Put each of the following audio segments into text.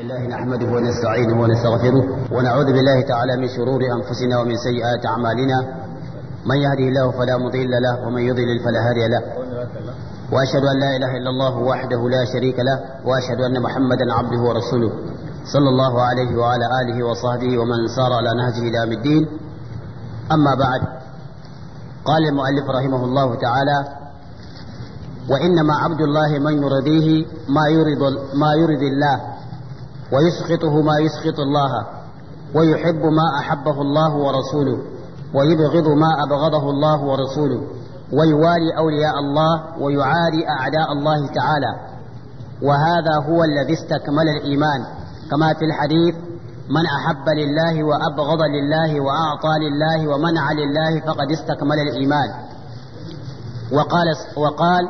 لله نحمده ونستعينه ونستغفره ونعوذ بالله تعالى من شرور أنفسنا ومن سيئات أعمالنا من يهده الله فلا مضل له ومن يضلل فلا هادي له وأشهد أن لا إله إلا الله وحده لا شريك له وأشهد أن محمدا عبده ورسوله صلى الله عليه وعلى آله وصحبه ومن سار على نهجه إلى الدين أما بعد قال المؤلف رحمه الله تعالى وإنما عبد الله من يرضيه ما يرضي ما يرضي الله ويسخطه ما يسخط الله ويحب ما أحبه الله ورسوله ويبغض ما أبغضه الله ورسوله ويوالي أولياء الله ويعادي أعداء الله تعالى وهذا هو الذي استكمل الإيمان كما في الحديث من أحب لله وأبغض لله وأعطى لله ومنع لله فقد استكمل الإيمان وقال, وقال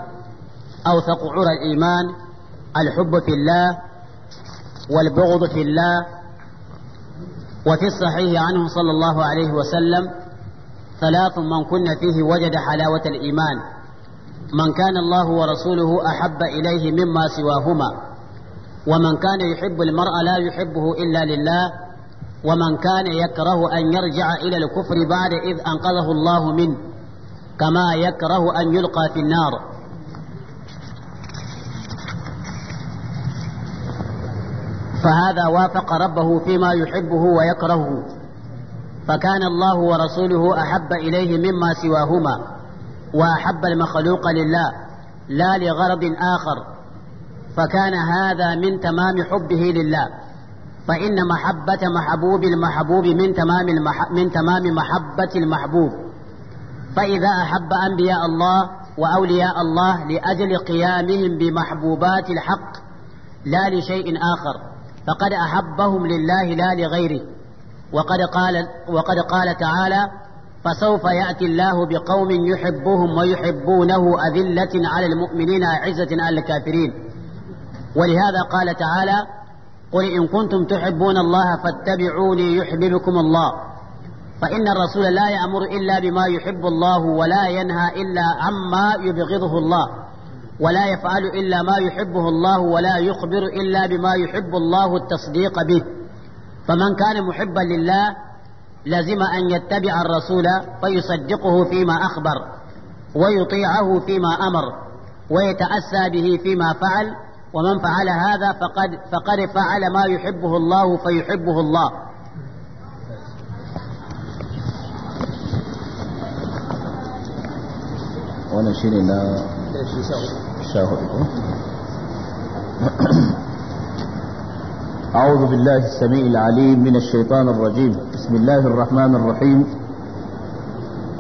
أوثق عرى الإيمان الحب في الله والبغض في الله وفي الصحيح عنه صلى الله عليه وسلم ثلاث من كن فيه وجد حلاوة الإيمان من كان الله ورسوله أحب إليه مما سواهما ومن كان يحب المرأة لا يحبه إلا لله ومن كان يكره أن يرجع إلى الكفر بعد إذ أنقذه الله منه كما يكره أن يلقى في النار فهذا وافق ربه فيما يحبه ويكرهه فكان الله ورسوله احب اليه مما سواهما واحب المخلوق لله لا لغرض اخر فكان هذا من تمام حبه لله فان محبه محبوب المحبوب من تمام المح... من تمام محبه المحبوب فاذا احب انبياء الله واولياء الله لاجل قيامهم بمحبوبات الحق لا لشيء اخر فقد أحبهم لله لا لغيره وقد قال وقد قال تعالى فسوف يأتي الله بقوم يحبهم ويحبونه أذلة على المؤمنين أعزة على الكافرين ولهذا قال تعالى قل إن كنتم تحبون الله فاتبعوني يحببكم الله فإن الرسول لا يأمر إلا بما يحب الله ولا ينهى إلا عما يبغضه الله ولا يفعل إلا ما يحبه الله ولا يخبر إلا بما يحب الله التصديق به فمن كان محبا لله لزم أن يتبع الرسول فيصدقه فيما أخبر ويطيعه فيما أمر ويتأسى به فيما فعل ومن فعل هذا فقد فقد فعل ما يحبه الله فيحبه الله ونشرنا shine شاهدكم أعوذ بالله السميع العليم من الشيطان الرجيم بسم الله الرحمن الرحيم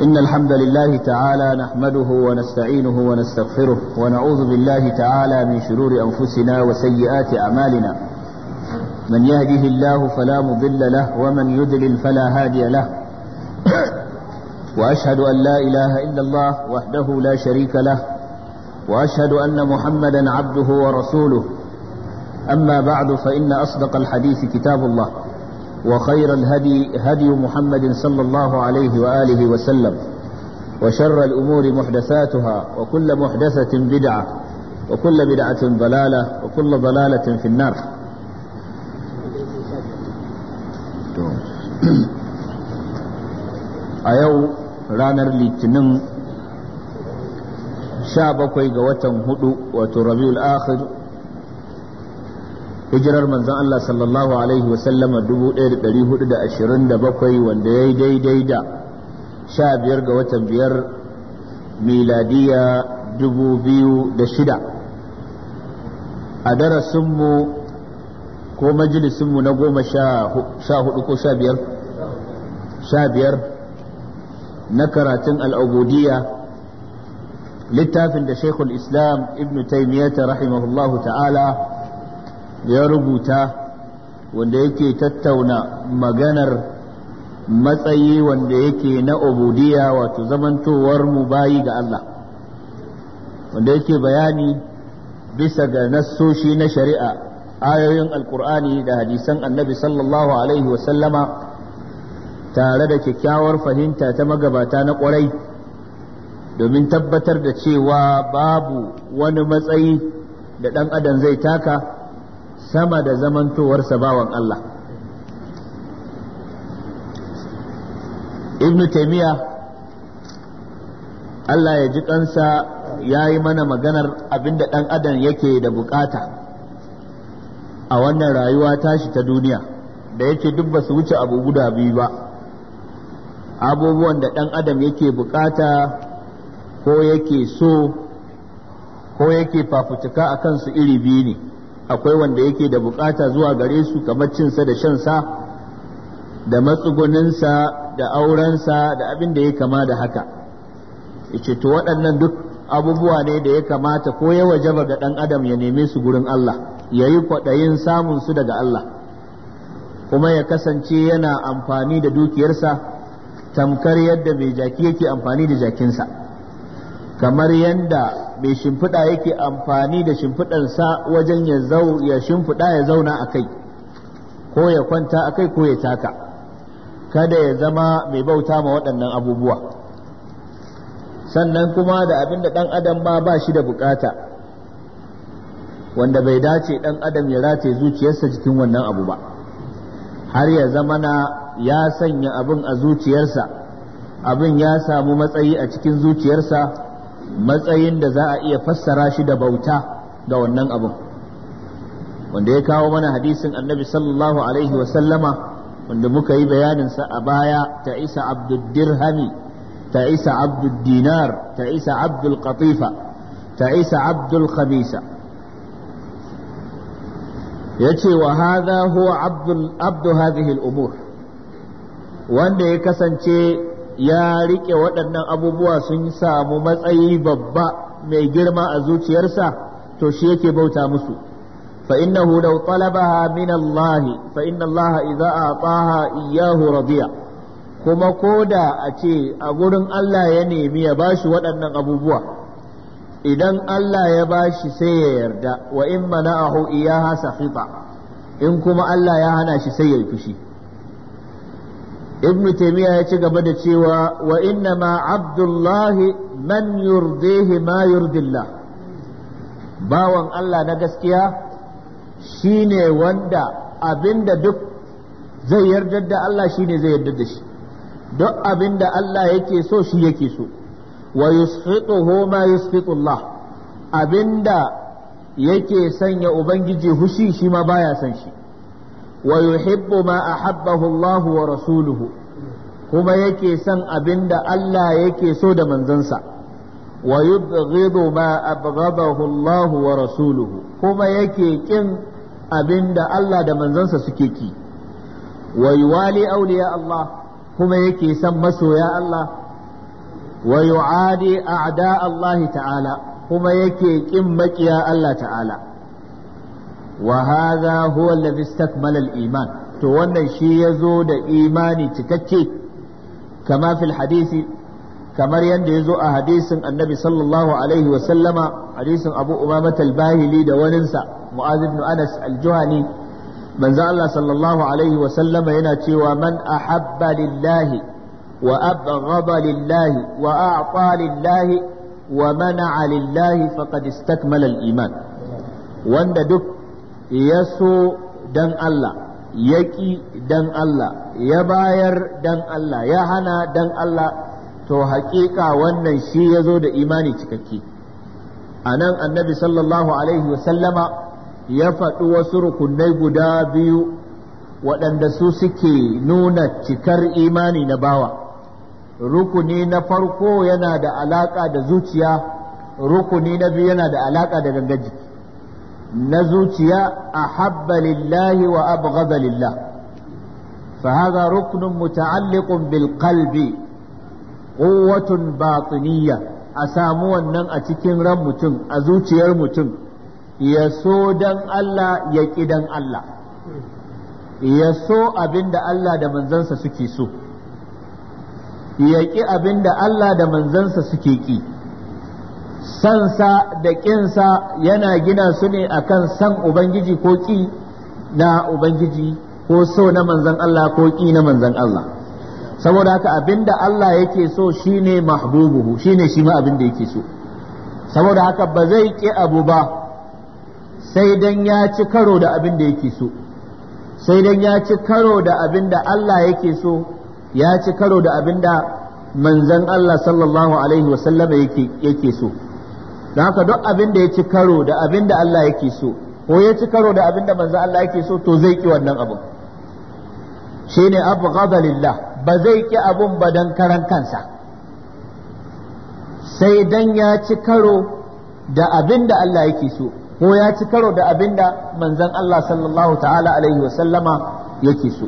إن الحمد لله تعالى نحمده ونستعينه ونستغفره ونعوذ بالله تعالى من شرور أنفسنا وسيئات أعمالنا من يهده الله فلا مضل له ومن يدلل فلا هادي له وأشهد أن لا إله إلا الله وحده لا شريك له واشهد ان محمدا عبده ورسوله اما بعد فان اصدق الحديث كتاب الله وخير الهدي هدي محمد صلى الله عليه واله وسلم وشر الامور محدثاتها وكل محدثه بدعه وكل بدعه ضلاله وكل ضلاله في النار a yau ranar litinin sha bakwai ga watan hudu wato rabiul akhir hijirar manzon Allah sallallahu alaihi wa sallama 1427 wanda ya yi daidai da sha biyar ga watan biyar miladiya 2006 a darasinmu ko majalisinmu na goma sha hudu ko sha biyar sha biyar na karatun al'ubudiyya littafin da shaikhul islam ibn ta rahimahullahu ta'ala ya rubuta wanda yake tattauna maganar matsayi wanda yake na obudiya wato zamantowar mu bayi ga Allah wanda yake bayani bisa ga nassoshi na shari'a ayoyin alkur'ani da hadisan annabi sallallahu alaihi wasallama tare da kyakkyawar fahimta ta magabata na ƙwarai domin tabbatar da cewa babu wani matsayi da ɗan adam zai taka sama da zamantowarsa bawan Allah ibnu taimiyya Allah ya ji kansa ya yi mana maganar abinda ɗan adam yake da bukata a wannan rayuwa tashi ta duniya da yake duk ba su wuce abu guda biyu ba abubuwan da ɗan adam yake bukata ko yake so ko yake fafutuka a kansu iri biyu ne akwai wanda yake da bukata zuwa gare su kamar cinsa da shansa da matsuguninsa da aurensa da abin da ya kama da haka ice to waɗannan duk abubuwa ne da ya kamata ko ya wajaba ga ɗan adam ya neme su gurin Allah ya yi kwaɗayin samun su daga Allah kuma ya kasance yana amfani da dukiyarsa tamkar yadda mai jaki yake amfani da jakinsa kamar yadda mai shimfiɗa yake amfani da sa wajen ya zau ya shimfiɗa ya zauna a kai ko ya kwanta a kai ko ya taka kada ya zama mai bauta ma waɗannan abubuwa sannan kuma da abin da ɗan adam ma ba shi da bukata wanda bai dace ɗan adam ya rataye zuciyarsa jikin wannan abu ba har ya zama na ya sanya abin a zuciyarsa abin ya samu matsayi a cikin zuciyarsa matsayin da za a iya fassara shi da bauta ga wannan abin wanda ya kawo mana hadisin annabi sallallahu alaihi wa sallama wanda muka yi bayaninsa a baya ta isa abdul dirhami ta isa abdul ta isa abdul ta isa abdul khamisa yace wa hadha huwa abdul abdu hadhihi al-umur wanda ya kasance ya riƙe waɗannan abubuwa sun samu matsayi babba mai girma a zuciyarsa to shi yake bauta musu fa innahu law talabaha min Allah fa inna Allah idza ataha iyyahu radiya kuma koda a ce a gurin Allah ya nemi ya bashi waɗannan abubuwa idan Allah ya bashi sai ya yarda wa in mana'ahu iyaha sakhita in kuma Allah ya hana shi sai ya yi fushi ibn taymiya ya ci gaba da cewa Wa'innama inna ma abdullahi man yurdihi ma bawan Allah na gaskiya shine wanda abinda duk zai yarda da Allah shine zai yarda da shi duk abinda Allah yake so shi yake so wa yusfituhu ma yusfitu Allah abinda yake sanya ubangiji hushi shi ma baya son shi wa yuhibbu ma ahabbahu Allah wa rasuluhu kuma yake san abinda Allah yake so da manzansa wa yubghidu ma abghadahu Allah wa rasuluhu kuma yake kin abinda Allah da manzansa suke ki wa yuwali awliya Allah kuma yake san masoya Allah wa yu'adi a'da Allah ta'ala kuma yake kin maƙiya Allah ta'ala wa hadha huwa alladhi istakmala iman to wannan shi yazo da imani cikakke kama fil kamar yadda yazo a hadisin annabi sallallahu hadisin abu umamah al-bahili da waninsa mu'az ibn anas al-juhani manzo Allah sallallahu alaihi wa sallama yana cewa man ahabba lillahi wa abghada lillahi wa a'ta lillahi wa mana'a lillahi faqad istakmala al-iman wanda duk ya so dan Allah yaƙi dan Allah ya bayar dan Allah ya hana dan Allah to haƙiƙa wannan shi ya zo da imani cikakke a nan annabi sallallahu alaihi wasallama ya faɗi wasu rukunai guda biyu waɗanda su suke nuna cikar imani na bawa rukuni na farko yana da alaƙa da zuciya rukuni na biyu yana da alaƙa da gangan jiki na zuciya a habba lillahi wa abghadha lillah fa hadha ruknun muta'alliqun bil qalbi quwwatun batiniyya a samu wannan a cikin ran mutum a zuciyar mutum ya so dan Allah ya ƙi dan Allah ya so abin da Allah da manzansa suke so ya ƙi abin Allah da manzansa suke ƙi sansa da ƙinsa yana gina su ne akan san ubangiji ko ƙi na ubangiji ko so na manzan Allah ko ƙi na manzan Allah saboda haka abinda Allah yake so shine mahbubuhu shine shi ma abinda yake so saboda haka ba zai ƙi abu ba sai dan ya ci karo da abinda yake so sai dan ya ci karo da abinda Allah yake so ya ci karo da abinda manzan Allah sallallahu alaihi wasallama yake so don haka duk abin da ya ci karo da abin da Allah yake so ko ya ci karo da abin da manzo Allah yake so to zai ki wannan abin shine abu ghadalillah ba zai ki abun ba dan karan kansa sai dan ya ci karo da abin da Allah yake so ko ya ci karo da abin da manzon Allah sallallahu ta'ala alaihi wa sallama yake so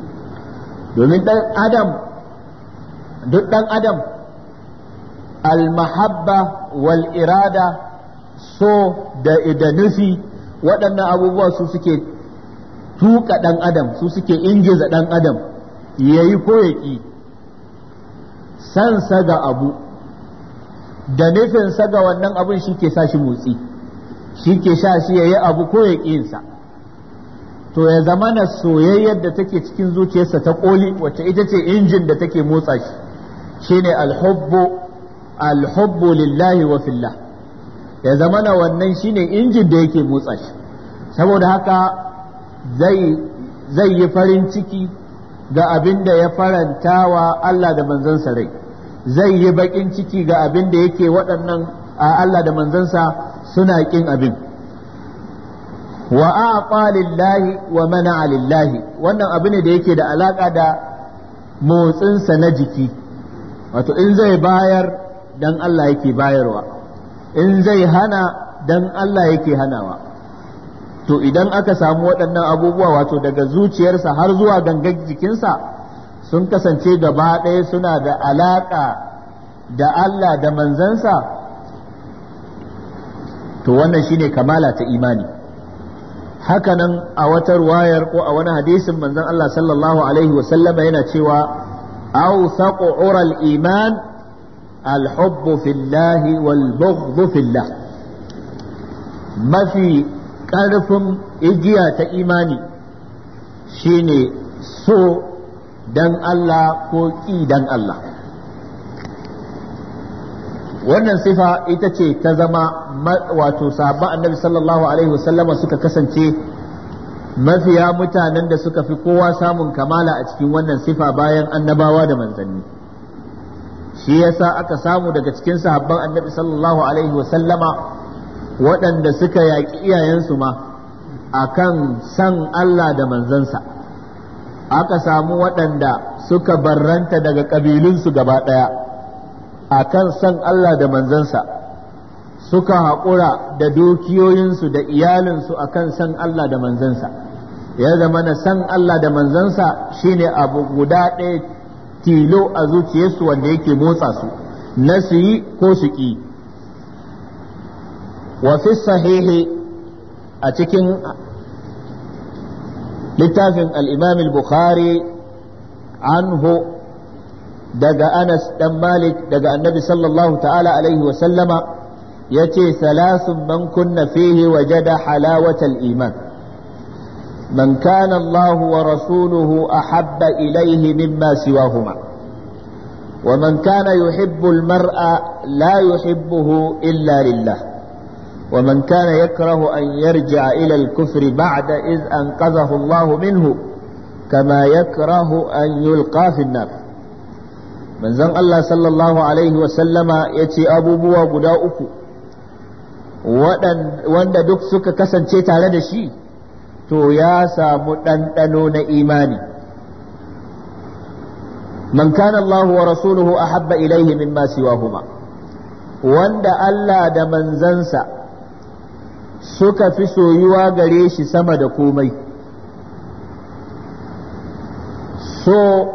domin dan adam duk dan adam al mahabba wal irada so da nufi waɗannan abubuwa su suke tuka ɗan adam su suke ingiza ɗan adam ya yi koyaƙi san ƙi abu da nufinsa ga wannan abin shi ke sa shi motsi shi ke sha shi ya yi abu ko ya ƙinsa to ya zama na soyayyar da take cikin zuciyarsa ta ƙoli wacce ita ce injin da take motsa shi shine alhubbu alhubbu lillahi wa fillah ya zama na wannan shine injin da yake motsa shi saboda haka zai yi farin ciki ga abin da ya faranta wa Allah da manzansa rai zai yi bakin ciki ga abin da yake waɗannan a Allah da manzansa suna ƙin abin wa lillahi wa mana lillahi wannan abu ne da yake da alaƙa da motsinsa na jiki wato in zai bayar dan Allah yake bayarwa in zai hana dan Allah yake hanawa to idan aka samu waɗannan abubuwa wato daga zuciyarsa har zuwa gangan jikinsa sun kasance gaba ɗaya suna da alaƙa da Allah da manzansa to wannan shine kamala ta imani hakanan a wata ruwayar ko a wani hadisin manzon Allah sallallahu alaihi wasallama yana cewa au ural iman alhubbu fillahi wal mafi ƙarfin igiya ta imani shine so dan Allah ko ƙi dan Allah wannan sifa ita ce ta zama wato sahabba annabi sallallahu alaihi wasallama suka kasance mafiya mutanen da suka fi kowa samun kamala a cikin wannan sifa bayan annabawa da manzanni shi yasa aka samu daga cikin sahabban annabi sallallahu alaihi wasallama waɗanda suka yaƙi iyayensu ma akan san Allah da manzansa aka samu waɗanda suka barranta daga ƙabilunsu gaba ɗaya akan san Allah da manzansa suka haƙura da dukiyoyinsu da iyalinsu akan san Allah da manzansa ya zama na san Allah da manzansa shine abu guda ɗaya tilo a zuciyarsu wanda yake motsa su na su yi ko su ƙi wa fi sahihi a cikin littafin al al-bukhari anhu daga anas dan malik daga annabi sallallahu ta'ala alaihi wa sallama yace salasun man kunna fihi wajada halawatal iman من كان الله ورسوله أحب إليه مما سواهما ومن كان يحب المرء لا يحبه إلا لله ومن كان يكره أن يرجع إلى الكفر بعد إذ أنقذه الله منه كما يكره أن يلقى في النار من زن الله صلى الله عليه وسلم يتي أبو بوا قداؤك وأن دك سك كسن تيتا لدشي to ya samu ɗanɗano na imani man kana Allah wa rasuluhu ahabba ilaihi mimma siwahuma wanda Allah da manzansa suka fi soyuwa gare shi sama da komai so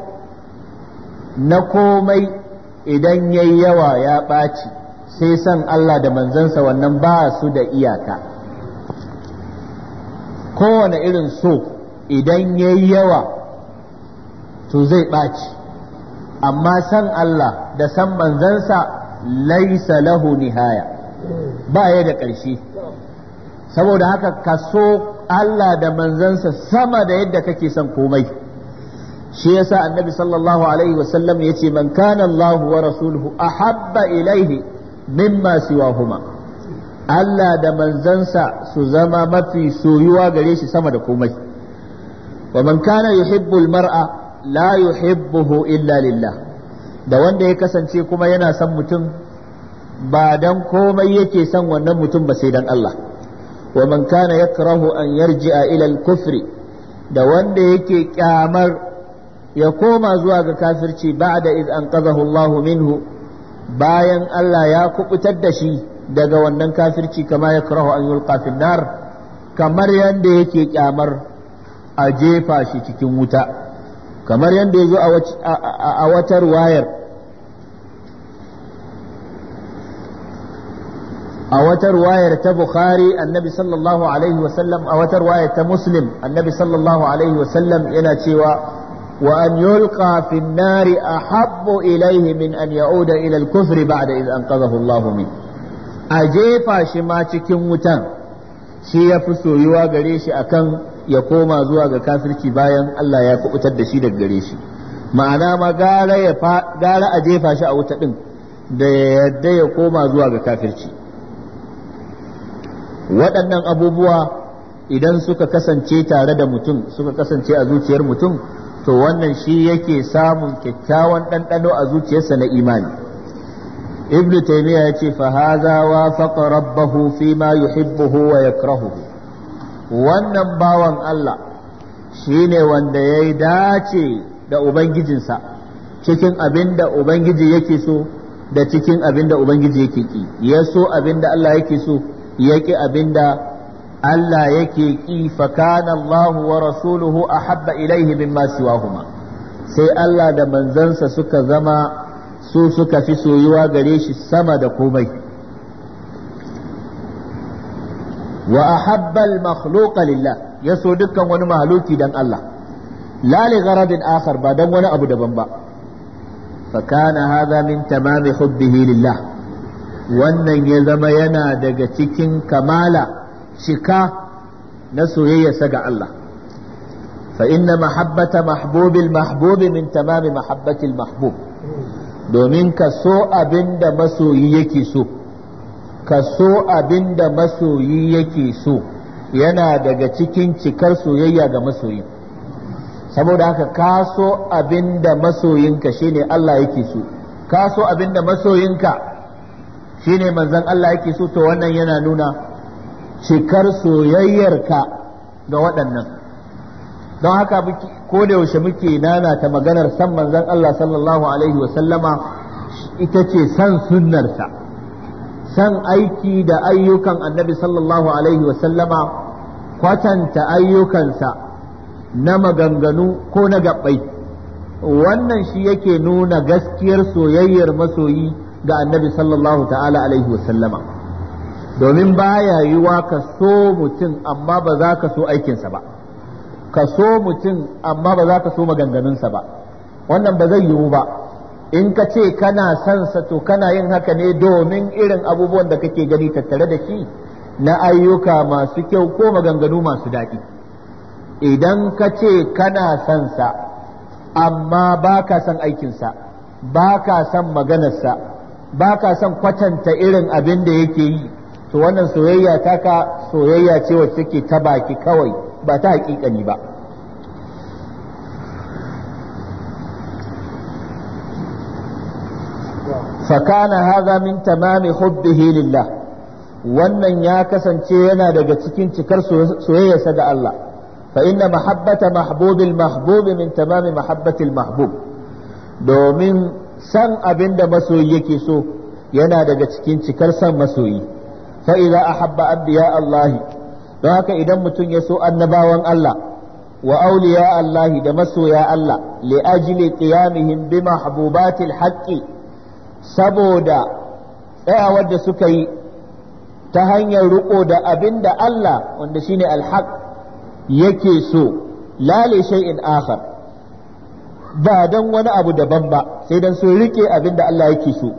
na komai idan yayi yawa ya ɓaci sai san Allah da manzansa wannan ba su da iyaka kowane irin so idan ya yi yawa to zai ɓaci amma san Allah da san manzansa laisa lahu nihaya ba ya da ƙarshe saboda haka ka so Allah da manzansa sama da yadda kake son komai shi yasa annabi sallallahu alaihi wasallam ya ce man kana Allah wa rasuluhu ahabba ilaihi mimma siwahuma huma Allah da manzansa su zama mafi soyuwa gare shi sama da komai wa man kana yuhibbu mar'a la yuhibbuhu illa lillah da wanda ya kasance kuma yana son mutum ba dan komai yake son wannan mutum ba sai dan Allah wa man kana yakrahu an yarji'a ila al-kufri da wanda yake kyamar ya koma zuwa ga kafirci ba'da iz anqadhahu Allahu minhu bayan Allah ya kubutar da shi daga wannan kafirci kama ya karahu an yulqa fil nar kamar yanda yake kyamar a jefa shi cikin wuta kamar yadda yazo a wata ruwayar a wata wayar ta bukhari annabi sallallahu alaihi wasallam a watar wayar ta muslim annabi sallallahu alaihi wasallam yana cewa wa وأن يلقى في النار أحب min an أن يعود إلى kufri بعد إذ أنقذه الله منه a jefa shi ma cikin wutan shi ya fi soyuwa gare shi akan ya koma zuwa ga kafirci bayan Allah ya kubutar da shi daga gare shi ma'ana ma gara a jefa shi a wuta ɗin da yarda ya koma zuwa ga kafirci waɗannan abubuwa idan suka kasance tare da mutum suka kasance a zuciyar mutum to wannan shi yake samun kyakkyawan ɗanɗano a zuciyarsa na imani ابن taymiya yace fa hadha wafaqa rabbahu fi ma wannan bawan Allah shine wanda yayi dace da ubangijinsa cikin abin da ubangiji yake so da cikin abin da ubangiji yake ki ya so abin da Allah yake so ya ki abin da Allah yake ki fa kana Allah wa rasuluhu ahabba ilaihi mimma siwahuma sai Allah da manzansa suka zama su suka fi soyuwa gare shi sama da komai wa ahabbal makhluqa lillah ya so dukkan wani mahaluki dan Allah lali li gharadin akhar ba dan wani abu daban ba fa kana hadha min tamam hubbihi lillah wannan ya zama yana daga cikin kamala cika na soyayyarsa ga Allah fa inna mahabbata mahbubil mahbubi min tamam mahabbatil mahbub domin ka so abin da masoyi yake so ka so abin da masoyi yake so yana daga cikin cikar soyayya ga masoyi saboda haka ka so abin da masoyinka shine Allah yake so ka so abin da masoyinka shine manzon Allah yake so to wannan yana nuna cikar soyayyarka ga waɗannan don haka ko da yaushe muke nana ta maganar san manzon Allah sallallahu alaihi wa sallama ita ce san sunnarsa san aiki da ayyukan annabi sallallahu alaihi wa sallama kwatanta ayyukansa na maganganu ko na gabbai wannan shi yake nuna gaskiyar soyayyar masoyi ga annabi sallallahu ta'ala alaihi wa sallama domin baya yiwa ka so mutum amma ba za ka so aikinsa ba ka so mutum amma ba za ka so maganganunsa ba wannan ba zai yiwu ba in ka ce kana son sa to kana yin haka ne domin irin abubuwan da kake gani tattare da shi na ayyuka masu kyau ko maganganu masu daɗi idan ka ce kana son sa amma ba ka son aikinsa ba ka son maganarsa ba ka son kwatanta irin abin da yake yi to wannan soyayya taka soyayya ce wacce take ta baki kawai ba ta haƙiƙani ba فكان هذا من تمام حبه لله wannan ya kasance yana daga cikin cikar soyayyarsa ga Allah fa inna mahabbata mahbubil mahbub min tamami mahabbatil mahbub domin san abin da masoyi yake so yana daga cikin cikar san masoyi fa idza ahabba abdiya Allah don haka idan mutum ya so annabawan Allah wa auliya Allah da masoya Allah li ajli qiyamihim bi mahbubatil haqqi saboda tsayawar da suka yi ta hanyar riƙo da abin da Allah wanda shine alhaq yake so la li shay'in akhar ba dan wani abu daban ba sai dan sun rike abin da Allah yake so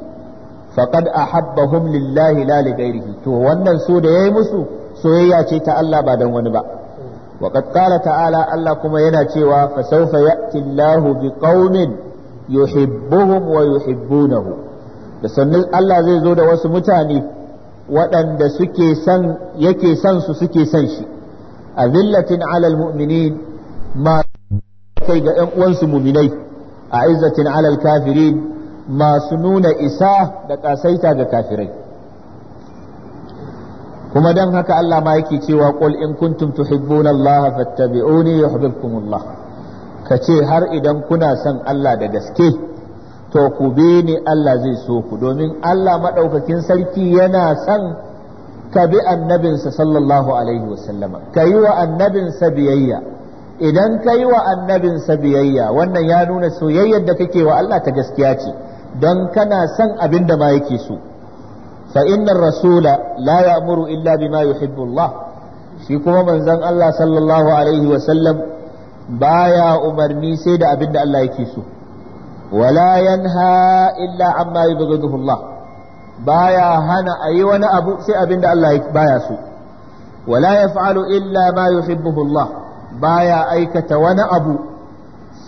faqad ahabbahum lillahi la li ghairihi to wannan so da yayi musu soyayya ce ta Allah ba dan wani ba wa qad qala ta'ala Allah kuma yana cewa fa sawfa bi Allahu biqaumin yuhibbuhum wa yuhibbunahu da sannan Allah zai zo da wasu mutane waɗanda suke san yake san su suke san shi azillatin 'alal mu'minin ma kai ga 'yan uwansu muminai a izzatin 'alal kafirin masu nuna isa da ƙasaita da kafirai kuma dan haka Allah ma yake cewa qul in kuntum tuhibbuna Allah fattabi'uni yuhibbukumullah kace har idan kuna son Allah da gaske to ku bi ni Allah zai so ku domin Allah madaukakin sarki yana son ka bi annabinsa sallallahu alaihi wasallama ka yi wa annabinsa biyayya idan ka yi wa annabinsa biyayya wannan ya nuna soyayyar da kake wa Allah ta gaskiya ce don kana son abin da ma yake so fa innar rasula la ya'muru illa bima yuhibbu Allah shi kuma manzon Allah sallallahu alaihi wa sallam baya umarni sai da abin da Allah yake so wala yanha illa amma yubghiduhu Allah baya hana ayi wani abu sai abin da Allah baya so wala yaf'alu illa ma yuhibbu Allah baya aikata wani abu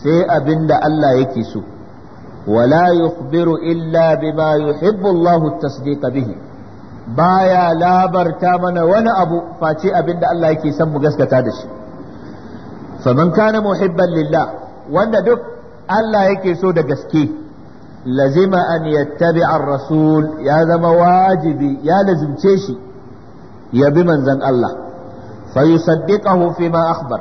sai abinda Allah yake so ولا يخبر إلا بما يحب الله التصديق به baya labarta mana wani abu face abinda Allah yake son mu gaskata da shi faman kana muhibban lilla. wanda duk Allah yake so da gaske lazima an yattabi rasul ya zama wajibi ya lazimce shi ya bi manzon Allah fayusaddiqahu fi ma akhbar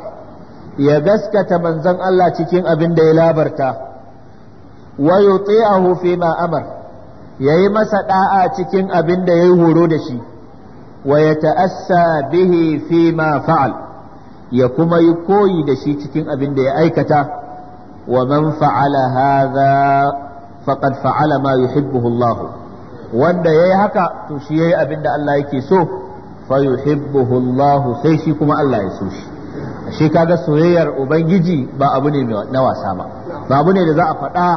ya gaskata manzon Allah cikin abin da ya labarta wa yuti'ahu fi ma amar yayi masa ɗa'a cikin abin da yayi horo da shi wa yata'assa bihi fi ma fa'al ya kuma yi koyi da shi cikin abin da ya aikata wa man fa'ala hadha faqad fa'ala ma yuhibbuhu Allah wanda yayi haka to shi yayi abin da Allah yake so fa yuhibbuhu Allah sai shi kuma Allah ya so shi shi kaga soyayyar ubangiji ba abu ne na wasa ba ba abu ne da za a faɗa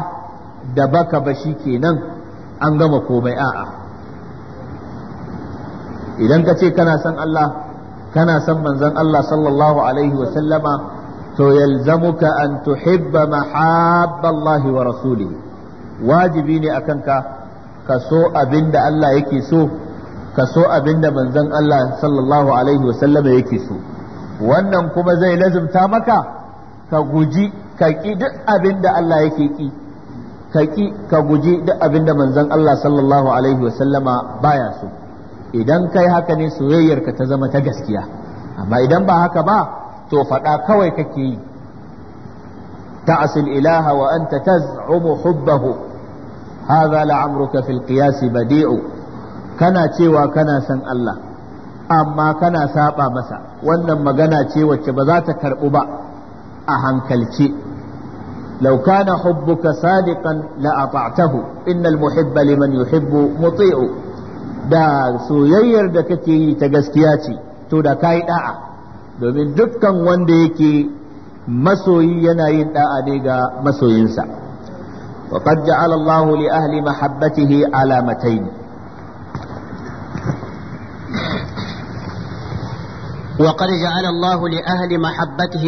da baka ba shi kenan an gama komai a'a idan ka ce kana san Allah kana san manzon Allah sallallahu alaihi wa sallama to yalzamuka an tuhibba mahabba wa wajibi ne akan ka ka so abinda Allah yake so ka so abinda manzon Allah sallallahu alaihi wa sallama yake so wannan kuma zai lazumta maka ka guji ka ƙi duk abinda Allah yake ƙi kaƙi ka guji duk abin da manzon Allah sallallahu alaihi wasallama baya so idan kai haka ne soyayyarka ta zama ta gaskiya amma idan ba haka ba to faɗa kawai kake yi ta'asil ilaha wa anta taz'umu hubbahu hadha la'amruka fil qiyas badi'u kana cewa kana san Allah amma kana saba masa wannan magana ce wacce ba za ta karɓu ba a hankalce لو كان حبك صادقا لأطعته إن المحب لمن يحب مطيع da soyayyar da kake yi ta gaskiya ce to da kayi da'a domin dukkan wanda yake masoyi yana yin da'a ne ga masoyinsa wa qad ja'ala li ahli mahabbatihi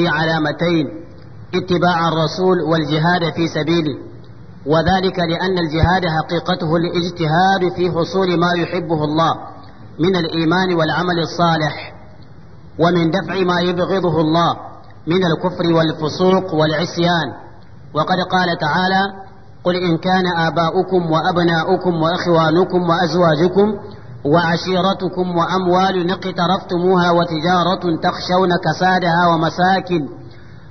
alamatayn اتباع الرسول والجهاد في سبيله وذلك لأن الجهاد حقيقته الاجتهاد في حصول ما يحبه الله من الإيمان والعمل الصالح ومن دفع ما يبغضه الله من الكفر والفسوق والعصيان وقد قال تعالى قل إن كان آباؤكم وأبناؤكم وإخوانكم وأزواجكم وعشيرتكم وأموال اقترفتموها وتجارة تخشون كسادها ومساكن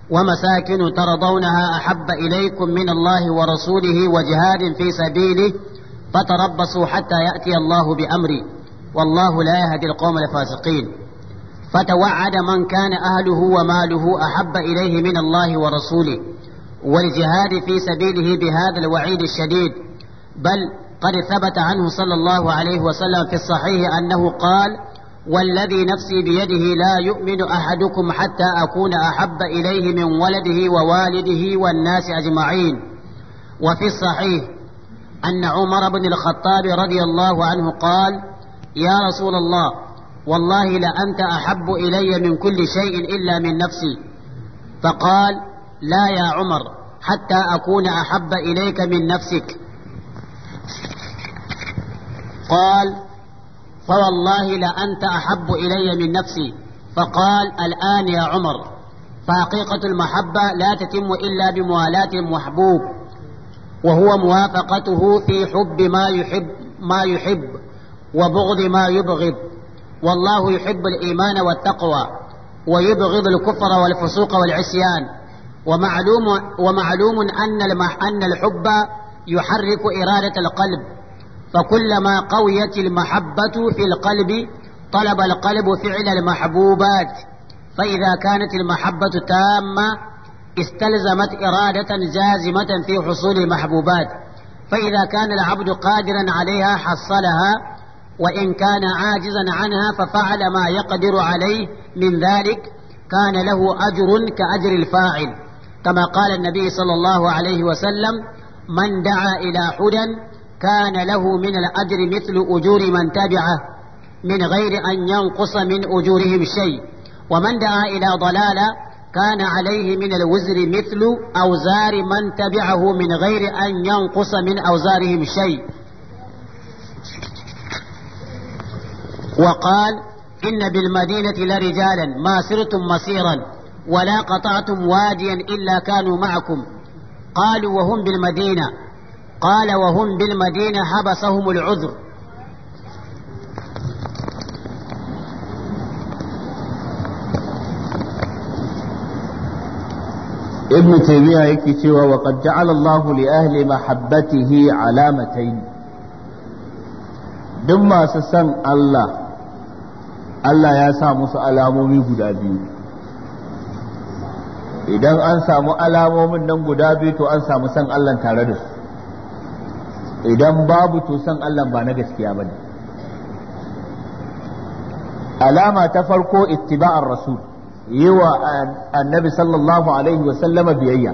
ومساكن ترضونها احب اليكم من الله ورسوله وجهاد في سبيله فتربصوا حتى ياتي الله بامري والله لا يهدي القوم الفاسقين فتوعد من كان اهله وماله احب اليه من الله ورسوله والجهاد في سبيله بهذا الوعيد الشديد بل قد ثبت عنه صلى الله عليه وسلم في الصحيح انه قال: والذي نفسي بيده لا يؤمن احدكم حتى اكون احب اليه من ولده ووالده والناس اجمعين وفي الصحيح ان عمر بن الخطاب رضي الله عنه قال يا رسول الله والله لانت احب الي من كل شيء الا من نفسي فقال لا يا عمر حتى اكون احب اليك من نفسك قال فوالله لأنت أحب إلي من نفسي فقال الآن يا عمر فحقيقة المحبة لا تتم إلا بموالاة المحبوب وهو موافقته في حب ما يحب ما يحب وبغض ما يبغض والله يحب الإيمان والتقوى ويبغض الكفر والفسوق والعصيان ومعلوم ومعلوم أن أن الحب يحرك إرادة القلب فكلما قويت المحبة في القلب طلب القلب فعل المحبوبات فإذا كانت المحبة تامة استلزمت إرادة جازمة في حصول المحبوبات فإذا كان العبد قادرا عليها حصلها وإن كان عاجزا عنها ففعل ما يقدر عليه من ذلك كان له أجر كأجر الفاعل كما قال النبي صلى الله عليه وسلم من دعا إلى حدى كان له من الأجر مثل أجور من تبعه من غير أن ينقص من أجورهم شيء ومن دعا إلى ضلالة كان عليه من الوزر مثل أوزار من تبعه من غير أن ينقص من أوزارهم شيء وقال إن بالمدينة لرجالا ما سرتم مصيرا ولا قطعتم واديا إلا كانوا معكم قالوا وهم بالمدينة قال وهم بالمدينة حبسهم العذر ابن تيمية يكي وقد جعل الله لأهل محبته علامتين دم سسن الله الله يا سامس ألامومي قد idan an samu alamomin nan guda biyu to an samu san Allah tare da su idan babu to san Allah ba na gaskiya ba ne alama ta farko ittiba'ar rasul yi wa annabi sallallahu alaihi wasallama biyayya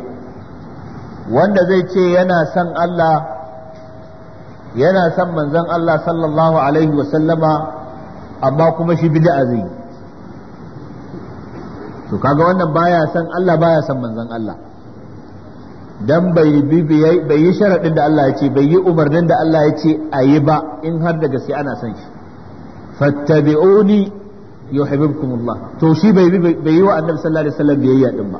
wanda zai ce yana san Allah yana san manzon Allah sallallahu alaihi wasallama amma kuma shi bid'a zai to kaga wannan baya san Allah baya san manzon Allah dan bai bai yi sharaɗin da Allah ya ce bai yi umarnin da Allah ya ce a yi ba in har da gaske ana son shi fattabi'uni yuhibbukumullah to shi bai bai yi wa annabi sallallahu alaihi wasallam biyayya din ba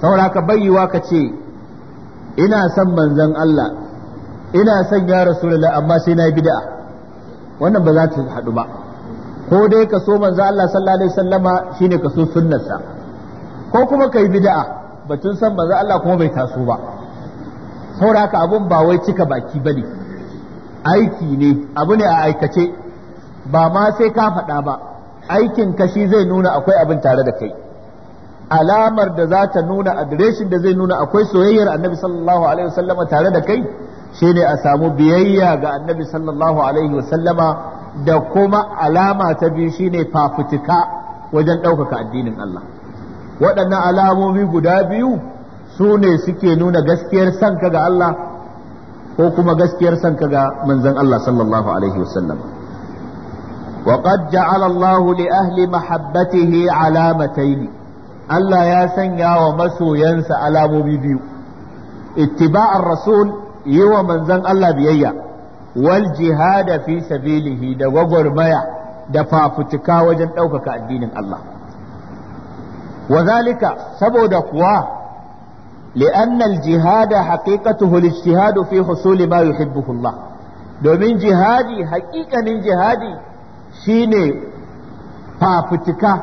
saboda haka bai yi wa ka ce ina son manzon Allah ina son ya rasulullah amma sai na yi bid'a wannan ba za ta haɗu ba ko dai ka so manzon Allah sallallahu alaihi wasallama shine ka so sunnarsa ko kuma kai bid'a batun san manzo Allah kuma bai taso ba saboda haka abun ba wai cika baki bane aiki ne abu ne a aikace ba ma sai ka faɗa ba aikin kashi zai nuna akwai abin tare da kai alamar da za ta nuna adireshin da zai nuna akwai soyayyar annabi sallallahu alaihi wasallama tare da kai shine a samu biyayya ga annabi sallallahu alaihi wasallama da kuma alama ta biyu shine fafutuka wajen ɗaukaka addinin Allah waɗannan alamomi guda biyu su ne suke nuna gaskiyar sanka ga Allah ko kuma gaskiyar sanka ga manzon Allah sallallahu alaihi wasallam وقد جعل الله لأهل محبته Allah ya sanya wa masoyansa alamomi biyu ittiba'ar rasul yi wa manzon Allah biyayya wal jihada fi sabilihi da gwagwarmaya da fafutuka wajen ɗaukaka addinin Allah Wazalika saboda kuwa لأن الجهاد حقيقته الاجتهاد في حصول ما يحبه الله domin jihadi hakikanin jihadi shine fafutuka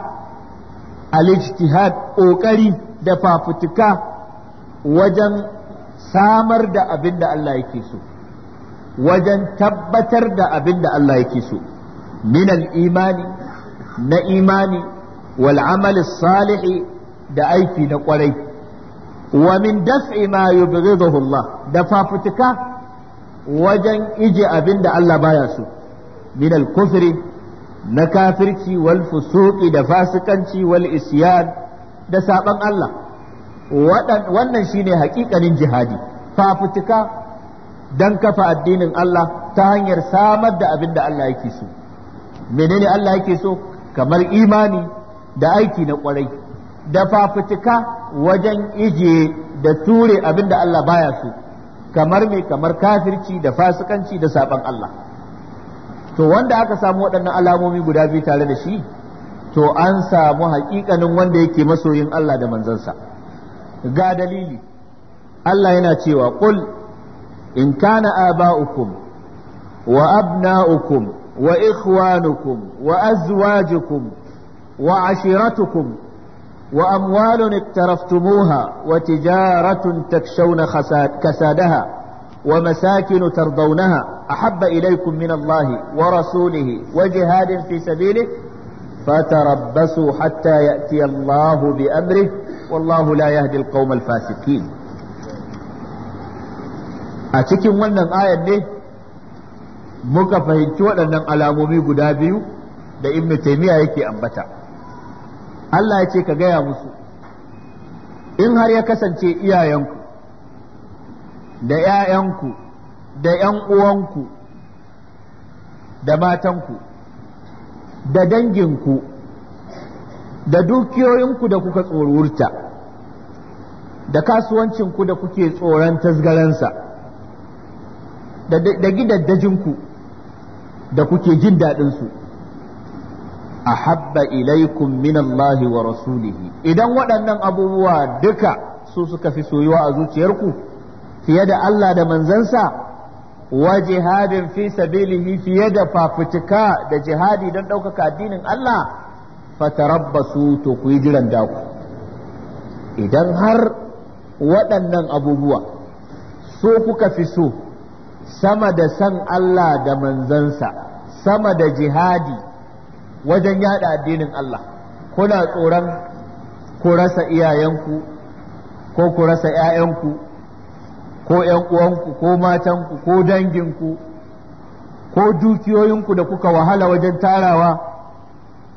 al-ijtihad ƙoƙari da fafutuka wajen samar da abin da Allah yake so wajen tabbatar da abin da Allah yake so min al-imani na imani wal amal da aiki na kwarai wa min daf'i ma yubghidahu Allah da fafutuka wajen ije abin Allah baya so min al kufri na kafirci wal fusuqi da fasikanci wal isyan da saban Allah wannan shine haƙiƙanin jihadi fafutuka dan kafa addinin Allah ta hanyar samar da abinda da Allah yake so menene Allah yake so kamar imani da aiki na kwarai da fafutuka wajen ijiye da ture abin da Allah baya su kamar mai kamar kafirci da fasikanci da saban Allah to wanda aka samu waɗannan alamomi guda biyu tare da shi to an samu haƙiƙanin wanda yake masoyin Allah da manzansa ga dalili Allah yana cewa ƙul in kana aba'ukum wa abna'ukum wa ikhwanukum wa azwajukum وعشيرتكم وأموال اقترفتموها وتجارة تكشون كسادها ومساكن ترضونها أحب إليكم من الله ورسوله وجهاد في سبيله فتربصوا حتى يأتي الله بأمره والله لا يهدي القوم الفاسقين أتكم ولن آية دي muka fahimci waɗannan alamomi guda biyu da ibn taymiya yake ambata Allah ya ce ka gaya musu in har ya kasance iyayenku da ‘ya'yanku da ‘yan uwanku da matanku da danginku da dukiyoyinku da kuka tsorurta da kasuwancinku da kuke tsoron tasgaransa da gidaddajinku da kuke jin daɗinsu ahabba ilaikum min Allah wa rasulihi idan waɗannan abubuwa duka su suka fi soyuwa a zuciyarku fiye da Allah da manzansa wa jihadin fi sabilihi fiye da fafutuka da jihadi don ɗaukaka addinin Allah fatarabbasu to ku yi jiran ku. idan har waɗannan abubuwa so kuka fi so sama da san Allah da manzansa sama da jihadi wajen yada addinin Allah kuna tsoron ku rasa iyayenku ko ku rasa 'ya'yanku ko 'yan uwanku ko matanku ko danginku ko dukiyoyinku da kuka wahala wajen tarawa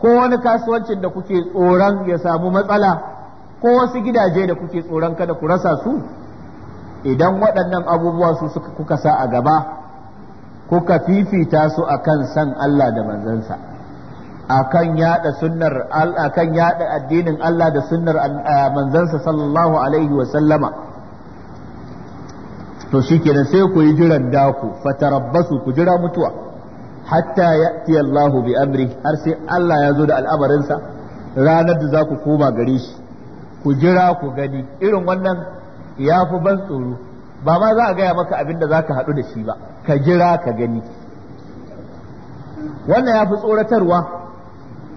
ko wani kasuwancin da kuke tsoron ya samu matsala ko wasu gidaje da kuke tsoron kada ku rasa su idan waɗannan abubuwa su suka kuka sa a gaba kuka fifita su akan san Allah da manzansa akan yada sunnar akan yada addinin Allah da sunnar manzansa sallallahu alaihi wa sallama to shikenan sai ku yi jiran daku fatarabbasu ku jira mutuwa hatta ya'ti Allah bi amri har sai Allah ya zo da al'amarinsa ranar da za ku koma gare shi ku jira ku gani irin wannan ya fi ban tsoro ba ma za a gaya maka abin da za ka haɗu da shi ba ka jira ka gani wannan ya fi tsoratarwa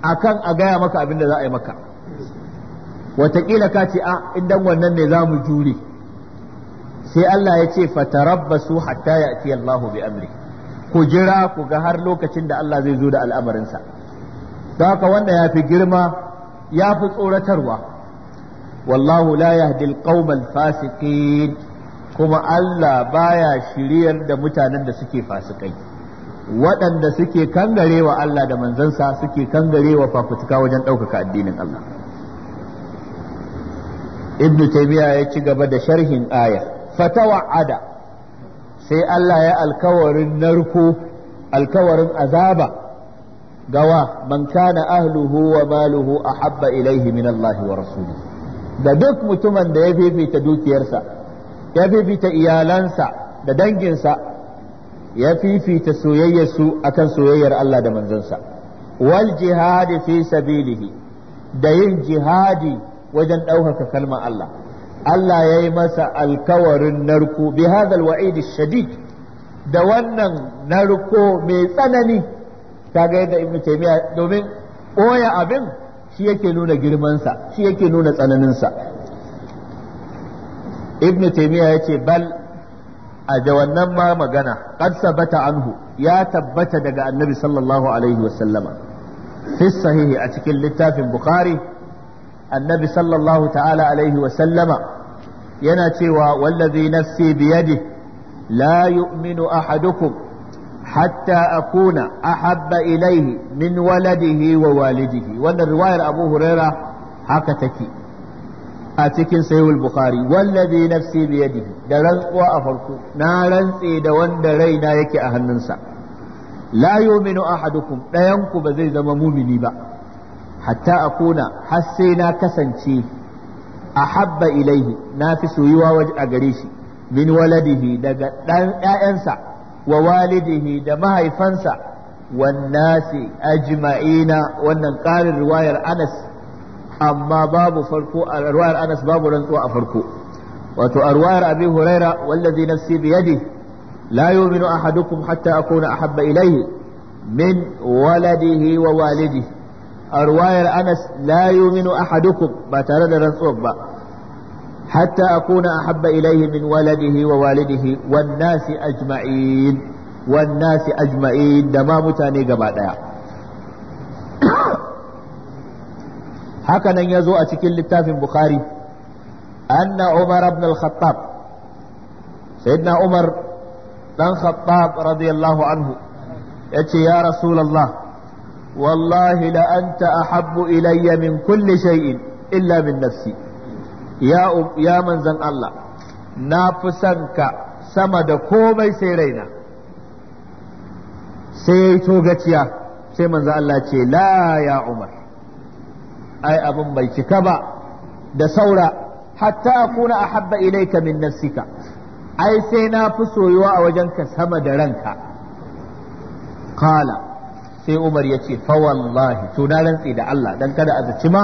akan a gaya maka abin da za a yi maka wataƙila ka ce a idan wannan ne za mu jure sai Allah ya ce fatarabbasu hatta ya'ti Allahu bi amri ku jira ku ga har lokacin da Allah zai zo da al'amarinsa don haka wanda ya fi girma ya fi tsoratarwa wallahu la yahdi al fasiqin kuma Allah baya shiryar da mutanen da suke fasikai waɗanda suke kangare wa Allah da manzansa suke kangare wa fafutuka wajen ɗaukaka addinin Allah Ibn taymiya ya ci gaba da sharhin aya fatawa'ada sai Allah ya alkawarin narko alkawarin azaba gawa man kana ahluhu wa maluhu ahabba ilaihi min Allah wa rasuli da duk mutumin da ya fifita dukiyarsa ya fifita iyalansa da danginsa ya fifita soyayyar su akan soyayyar Allah da manzansa wal jihadi fi sabilihi da yin jihadi wajen ɗaukaka kalmar Allah Allah ya yi masa alkawarin narko bi hadhal wa'idi shadid da wannan narko mai tsanani ga yadda ibnu taymiya domin ɓoye abin shi yake nuna girmansa shi yake nuna tsananinsa ibnu taymiya ya ce bal a da wannan ma magana qad sabata anhu ya tabbata daga annabi sallallahu alaihi wasallama fi sahihi a cikin littafin bukhari annabi sallallahu ta'ala alaihi wasallama yana cewa wallazi nafsi biyadi la yu'minu ahadukum hatta akuna ahabba ilaihi min waladihi wa walidihi wannan riwayar abu huraira haka take a cikin sahihul bukhari wallazi nafsi biyadihi da rantsuwa a farko na rantse da wanda raina yake a hannunsa la yu'minu ahadukum dayan ku ba zai zama mumini ba hatta akuna har sai na kasance ahabba ilaihi na fi soyuwa waje a gare shi min waladihi daga dan ƴaƴansa wa walidihi da mahaifansa wannasi ajma'ina wannan ƙarin riwayar Anas amma babu farko a ruwayar Anas babu rantsuwa a farko wato a ruwayar Abi Huraira wallazi nafsi yadi la yu'minu ahadukum hatta akuna ahabba ilayhi min waladihi wa walidi a ruwayar Anas la yu'minu ahadukum ba tare da rantsuwa ba hatta akuna ahabba ilayhi min waladihi wa walidihi wan nasi ajma'in wan nasi ajma'in da ma mutane gaba daya haka nan ya zo a cikin littafin bukhari anna umar ibn al-khattab sayyidina umar dan khattab radiyallahu anhu yace ya rasulullah wallahi la anta ahabbu ilayya min kulli shay'in illa min nafsi ya um, ya manzan Allah na fi son ka sama da komai sai raina sai yayi togaciya sai manzan Allah ce la ya umar ai abin bai cika ba da saura hatta kuna ahabba ilayka min nafsika ai sai na fi soyuwa a wajenka sama da ranka qala sai Umar ya ce fa wallahi to na rantsi da Allah dan kada a zaci ma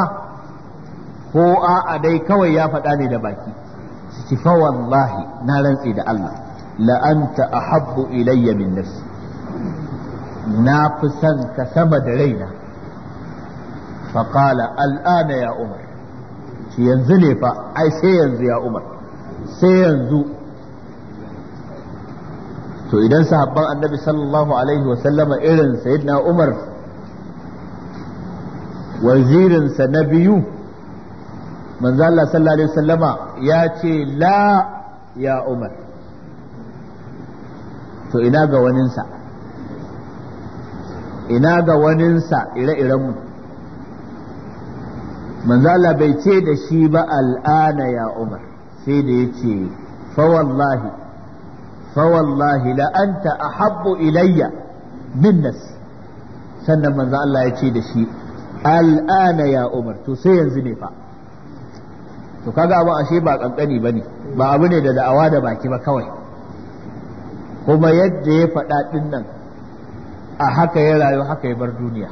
ko a a dai kawai ya faɗa ne da baki ce fa wallahi na rantsi da Allah la anta ahabbu ilayya min nafsi na fi son ka sama da raina faƙala al'ada ya umar ci yanzu ne fa ai sai yanzu ya umar sai yanzu to idan sahabban annabi sallallahu alaihi wasallama irin sayyidina umar wazirinsa na biyu manzo Allah sallallahu ya ce la ya umar to ina ga waninsa ina ga ire manzo Allah bai ce da shi ba al'ana ya Umar sai da yace fa wallahi fa wallahi la anta ahabbu ilayya min nas sannan manzo Allah ya ce da shi al'ana ya Umar to sai yanzu ne fa to kaga abu ashe ba kankani bane ba abu ne da da'awa da baki ba kawai kuma yadda ya faɗa ɗin nan a haka ya rayu haka ya bar duniya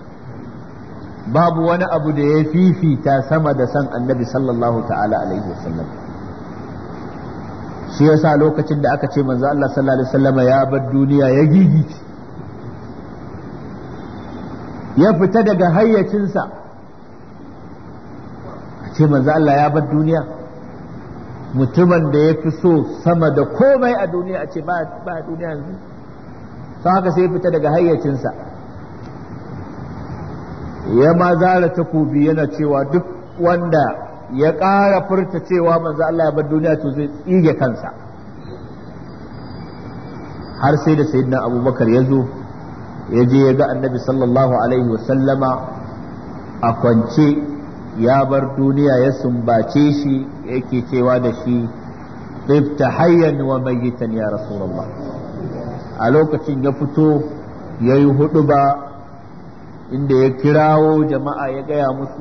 babu wani abu da ya fifita sama da san annabi sallallahu ta'ala alaihi wasallam shi yasa lokacin da aka ce manzo Allah sallallahu alaihi wasallam ya bar duniya ya gigi ya fita daga hayyacinsa a ce manzo Allah ya bar duniya mutumin da ya fi so sama da komai a duniya a ce ba duniya yanzu sai haka sai ya fita daga hayyacinsa ya ma zara takobi yana cewa duk wanda ya ƙara furta cewa manzo Allah ya bar duniya to zai tsige kansa har sai da sayyidina abubakar ya zo ya je ya ga annabi sallallahu alaihi wasallama a kwance ya bar duniya ya sumbace shi yake cewa da shi tsifta hayyan wa mayyitan ya rasulullah a lokacin ya fito ya yi ba inda ya kirawo jama'a ya gaya musu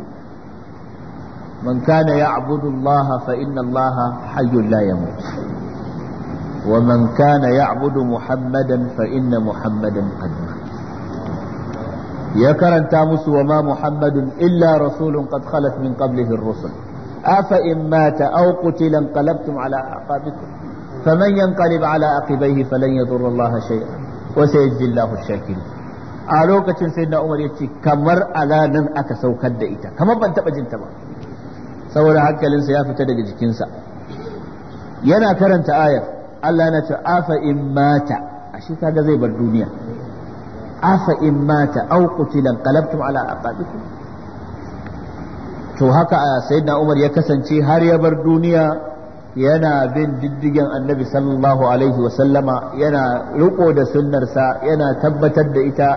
man kana ya'budu Allah fa inna Allah hayyun la yamut wa man kana ya'budu Muhammadan fa inna Muhammadan qad ya karanta musu wama ma Muhammadun illa rasulun qad khalat min qablihi ar-rusul afa in mata aw qutila qalabtum ala aqabikum faman yanqalib ala aqibayhi falan a lokacin sai na umar ya ce kamar alanin aka saukar da ita kamar ban taɓa jinta ba saboda hankalinsa ya fita daga jikinsa yana karanta ayar Allah na ce afa in mata ashe kaga zai bar duniya afa in mata au qutilan qalabtum ala aqabikum to haka ah, sayyidina Umar ya kasance har ya bar duniya yana bin diddigin annabi sallallahu alaihi wasallama yana riko da sunnarsa yana tabbatar da ita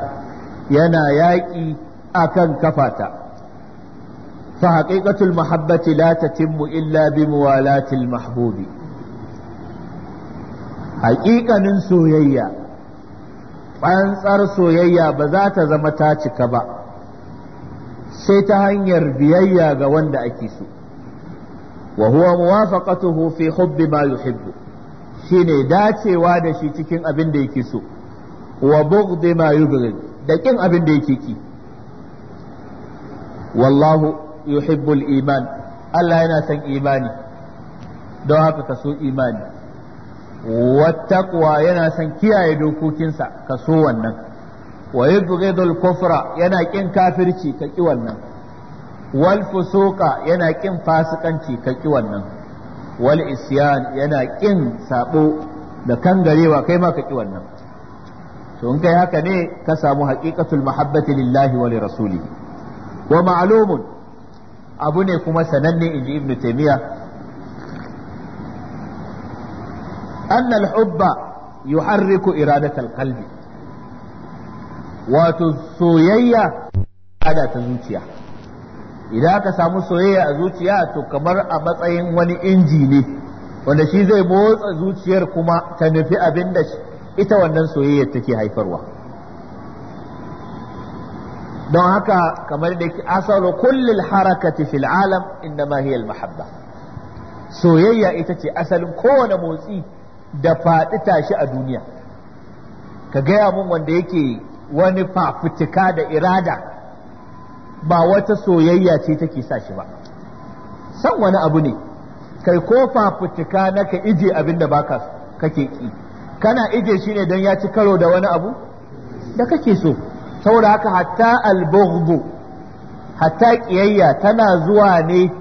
yana yaƙi akan kafata fa haƙiƙatul mahabbati la tatimmu illa bi muwalatil mahbubi haƙiƙanin soyayya tsantsar soyayya ba za ta zama ta cika ba sai ta hanyar biyayya ga wanda ake so wa huwa muwafaqatuhu fi hubbi ma yuhibbu shine dacewa da cikin abin da yake so wa bughdi ma yubghid da kin abin da yake ki wallahu yuhibbul iman Allah yana son imani don haka ka so imani wattaqwa yana son kiyaye dokokinsa ka so wannan wa yubghidul kufra yana kin kafirci ka ki wannan wal fusoka yana kin fasikanci ka ki wannan wal isyan yana kin sabo da kangarewa kai ma ka ki wannan to in kai haka ne ka samu haqiqatul mahabbati lillahi wa li rasulih wa ma'lumun abu ne kuma sananne inji ibnu taymiya anna al-hubba yuharriku iradatal qalbi wato soyayya ada ta zuciya idan aka samu soyayya a zuciya to kamar a matsayin wani inji ne wanda shi zai motsa zuciyar kuma ta nufi abin da ita wannan soyayya take haifarwa don haka kamar da ke asalu kullil harakati fil alam inda hiya mahabba soyayya ita ce asalin kowane motsi da faɗi tashi a duniya ka gaya mun wanda yake wani fafutuka da irada ba wata soyayya ce take sa shi ba san wani abu ne kai ko fafutuka na ka ije abin da baka kake ki kana ije shi ne don ya ci karo da wani abu da kake so saboda haka hatta albughdu hatta kiyayya tana zuwa ne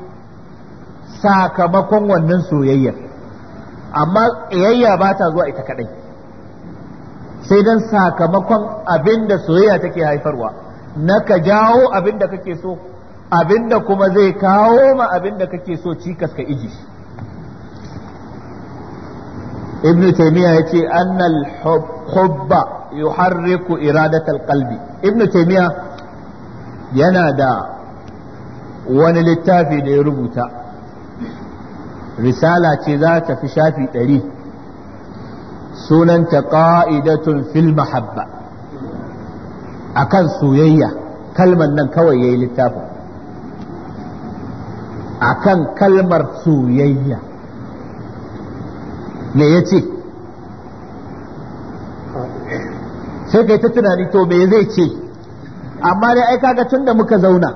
sakamakon wannan soyayya amma kiyayya ba ta zuwa ita kadai sai don sakamakon abin da soyayya take haifarwa na ka jawo abin da kake so abin da kuma zai kawo ma abin da kake so cikas ka iji shi ibn taymiya yace annal hubba yuharriku iradatal qalbi ibn taymiya yana da wani littafi da ya rubuta risala ce za ta fi shafi ɗari sunanta ƙa'idatun fil mahabba akan soyayya kalmar nan kawai yayi littafin akan kalmar soyayya me yace sai kai ta tunani to me zai ce amma dai ai kaga da muka zauna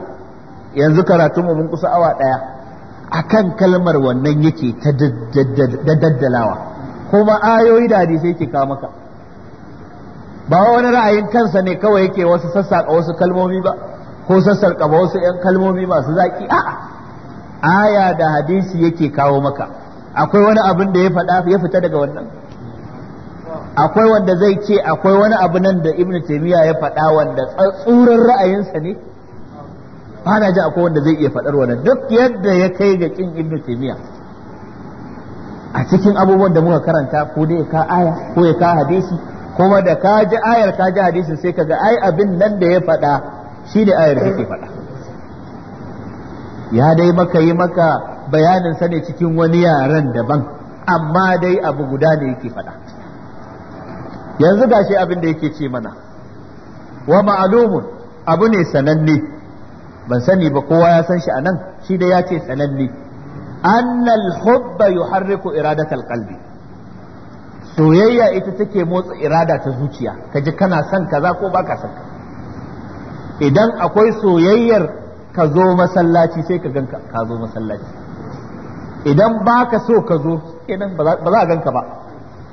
yanzu karatu mu mun kusa awa daya akan kalmar wannan yake ta daddalawa kuma ayoyi da hadisai ke kawo maka ba wani ra'ayin kansa ne kawai yake wasu sassaƙa wasu kalmomi ba ko sassaƙa wasu ƴan kalmomi masu zaƙi a'a aya da hadisi yake kawo maka akwai wani abin da ya faɗa ya fita daga wannan akwai wanda zai ce akwai wani abu nan da ibn taymiya ya faɗa wanda tsatsuran ra'ayinsa ne Ba na ji akwai wanda zai iya faɗar wannan duk yadda ya kai ga kin ibn taymiya a cikin abubuwan da muka karanta ko dai ka aya ko ya ka hadisi kuma da ka ji ayar ka ji hadisin sai ka ga ai abin nan da ya faɗa shi ne ayar da ke faɗa ya dai maka yi maka bayanin sa cikin wani yaren daban amma dai abu guda ne yake faɗa yanzu gashi abin da yake ce mana wa ma'alumun abu ne sananne ban sani ba kowa ya san shi anan shi da ya ce sananne annal hubba yuharriku iradatal qalbi soyayya ita take motsa irada ta zuciya kaji kana son kaza ko baka son idan akwai soyayyar ka zo masallaci sai ka gan ka zo masallaci idan baka so ka zo kenan ba za a ganka ba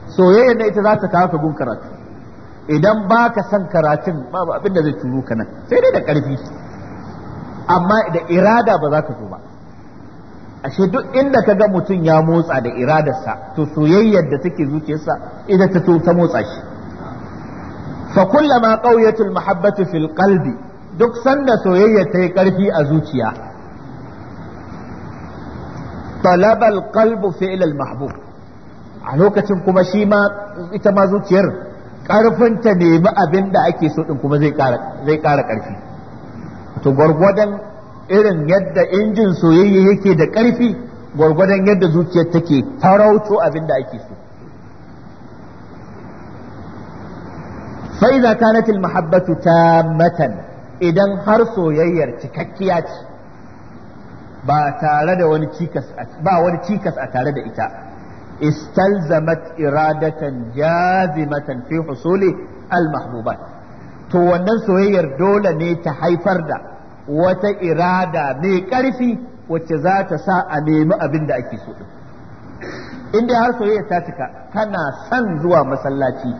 Soyayya na ita za ta kawo ka gun karatu idan baka son karatun babu abin da zai turo ka nan sai dai da karfi amma da irada ba za ka zo ba ashe duk inda ka ga mutum ya motsa da iradarsa to soyayyar da take zuciyarsa ita ta ta motsa shi fa kullama qawiyatul mahabbatu fil qalbi duk sanda soyayya ta yi karfi a zuciya talaba al qalbu fi'l al mahbub a lokacin kuma shi ma ita ma zuciyar karfin ta nemi abin da ake so din kuma zai kara zai kara karfi to gwargwadon irin yadda injin soyayya yake da ƙarfi gwargwadon yadda zuciyar take farauto abin da ake so fa'iza kanat mahabbatu tammatan idan har soyayyar cikakkiya ce ba tare da wani cikas ba wani cikas a tare da ita istalzamat iradatan jazimatan fi husuli al mahbubat to wannan soyayyar dole ne ta haifar da wata irada mai ƙarfi wacce za ta sa a nemi abin da ake so in dai har soyayya ta cika kana son zuwa masallaci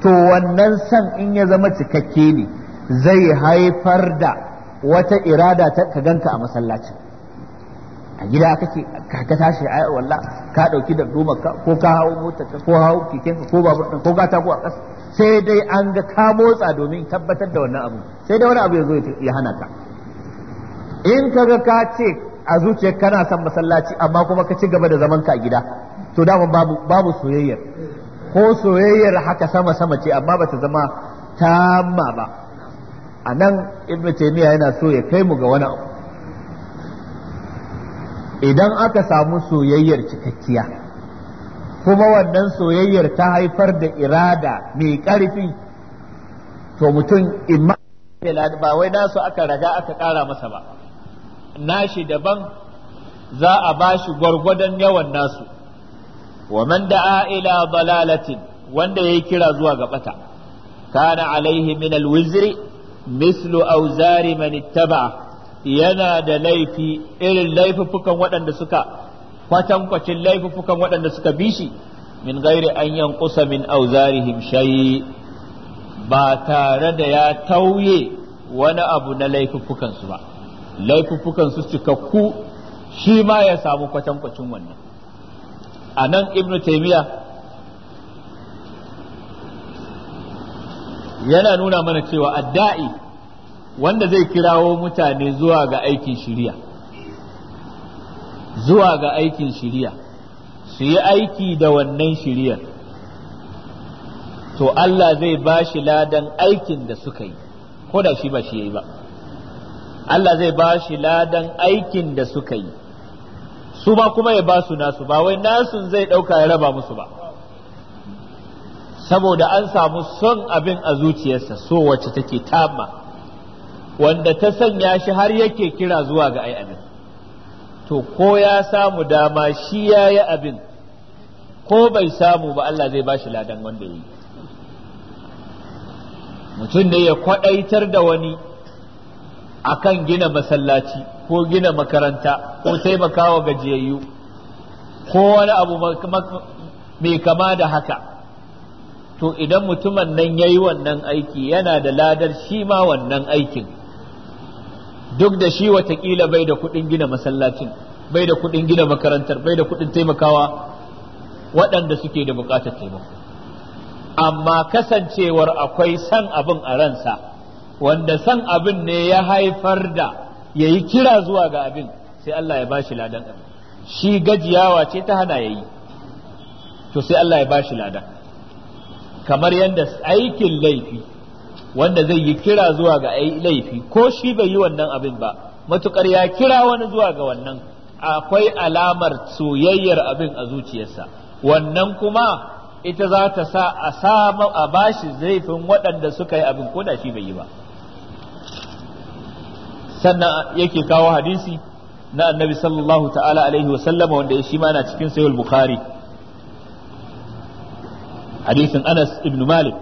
to wannan son in ya zama cikakke ne zai haifar da wata irada ta ka ganka a masallacin a gida kake ka tashi ai wallah ka dauki da goma ko ka hawo mota ko hawo keken ko babur ko ka ko a ƙasa sai dai an ga ka motsa domin tabbatar da wannan abu sai dai wani abu ya zo ya hana ka in ka ga ka ce a zuciyar kana son masallaci amma kuma ka ci gaba da zaman ka a gida to dama babu babu soyayyar ko soyayyar haka sama sama ce amma bata zama tamma ba a nan taymiya yana so ya kai mu ga wani abu idan aka samu soyayyar cikakkiya kuma wannan soyayyar ta haifar da irada mai ƙarfi to mutum imma ba wai nasu aka raga aka ƙara masa ba nashi daban za a bashi gwargwadon yawan nasu wa man da'a ila dalalatin wanda yayi kira zuwa ga bata kana alaihi min alwizri mislu auzari man ittaba yana da laifi irin laifuffukan waɗanda suka kwatankwacin laifuffukan waɗanda suka bishi min gairi an yankusa min Auzari shayi ba tare da ya tauye wani abu na laifuffukansu ba laifuffukan su cikakku shi ma ya samu kwatankwacin wannan a nan Ibn taimiyya yana nuna mana cewa adda'i wanda zai kirawo mutane zuwa ga aikin shiriya zuwa ga aikin shiriya su yi aiki da wannan shiriyar to Allah zai ba shi ladan aikin da suka yi ko da shi ba shi yi ba Allah zai ba shi ladan aikin da suka yi su ba kuma ya ba su nasu ba wai nasu zai ɗauka ya raba musu ba saboda an samu son abin a zuciyarsa so wacce take tama wanda ta sanya shi har yake kira zuwa ga ai abin to ko ya samu dama shi ya yi abin ko bai samu ba Allah zai ba shi ladan wanda ya yi mutum ne ya kwaɗaitar da wani akan gina masallaci ko gina makaranta ko taimakawa gajiyayyu ko wani abu mai kama da haka to idan mutumin nan ya yi wannan aiki yana da ladar shi ma wannan aikin duk da shi watakila bai da kuɗin gina masallacin bai da kuɗin gina makarantar bai da kuɗin taimakawa waɗanda suke da buƙatar taimako amma kasancewar akwai san abin a ransa wanda san abin ne ya haifar da ya yi kira zuwa ga abin sai Allah ya bashi ladan abin shi gajiyawa ce ta hana ya yi, to sai Allah ya bashi ladan kamar yadda aikin laifi wanda zai yi kira zuwa ga laifi ko shi bai yi wannan abin ba matukar ya kira wani zuwa ga wannan akwai alamar soyayyar abin a zuciyarsa wannan kuma ita za ta sa a bashi zaifin waɗanda suka yi abin ko da shi bai yi ba sannan yake kawo hadisi na annabi sallallahu ta'ala alaihi wa sallama wanda ya shi ma na cikin sahih bukhari hadisin Anas ibn Malik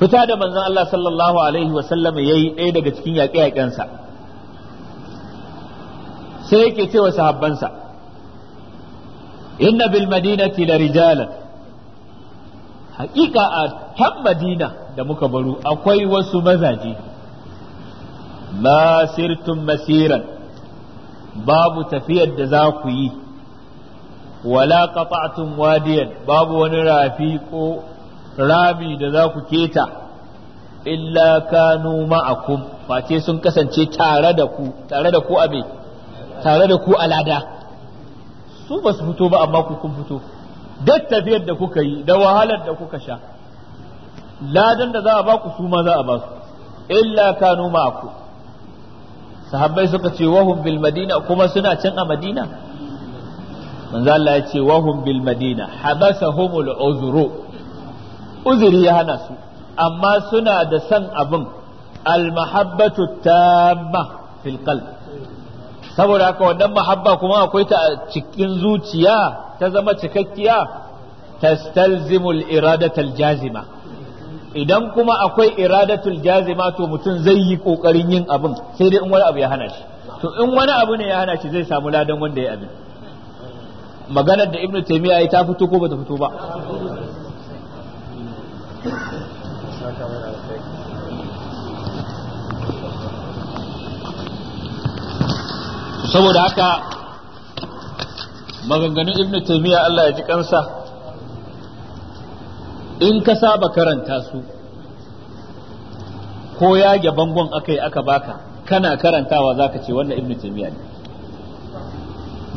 fita da manzon Allah sallallahu alaihi wa sallama yayi ɗaya daga cikin yaƙe-yaƙensa sai yake cewa sahabbansa inna bil madinati la rijalan haƙiƙa a can madina da muka baro akwai wasu mazaje ma sirtum masiran babu tafiyar da za ku yi wala qata'tum wadiyan babu wani rafi ko rami da za ku keta illa kanu ma'akum face sun kasance tare da ku tare da ku abe tare da ku alada su ba su fito ba amma ku kun fito duk tafiyar da kuka yi da wahalar da kuka sha ladan da za a ba ku su za a ba su illa kanu ma'akum sahabbai suka ce wahum bil madina kuma suna can a madina manzo Allah ya ce wahum bil madina habasahumul uzru uzuri ya hana su amma suna da san abin al mahabbatu tamma fil qalb saboda haka wannan mahabba kuma akwai ta cikin zuciya ta zama cikakkiya tastalzimul iradatal jazima idan kuma akwai iradatul jazima to mutum zai yi kokarin yin abin sai dai in wani abu ya hana shi to in wani abu ne ya hana shi zai samu ladan wanda ya abin maganar da ibnu taymiya ya ta fito ko bata fito ba saboda haka maganganun ibnu taymiya Allah ya ji kansa in ka saba karanta su ko yage bangon aka yi aka baka kana karantawa zaka ce wannan ibnu taymiya ne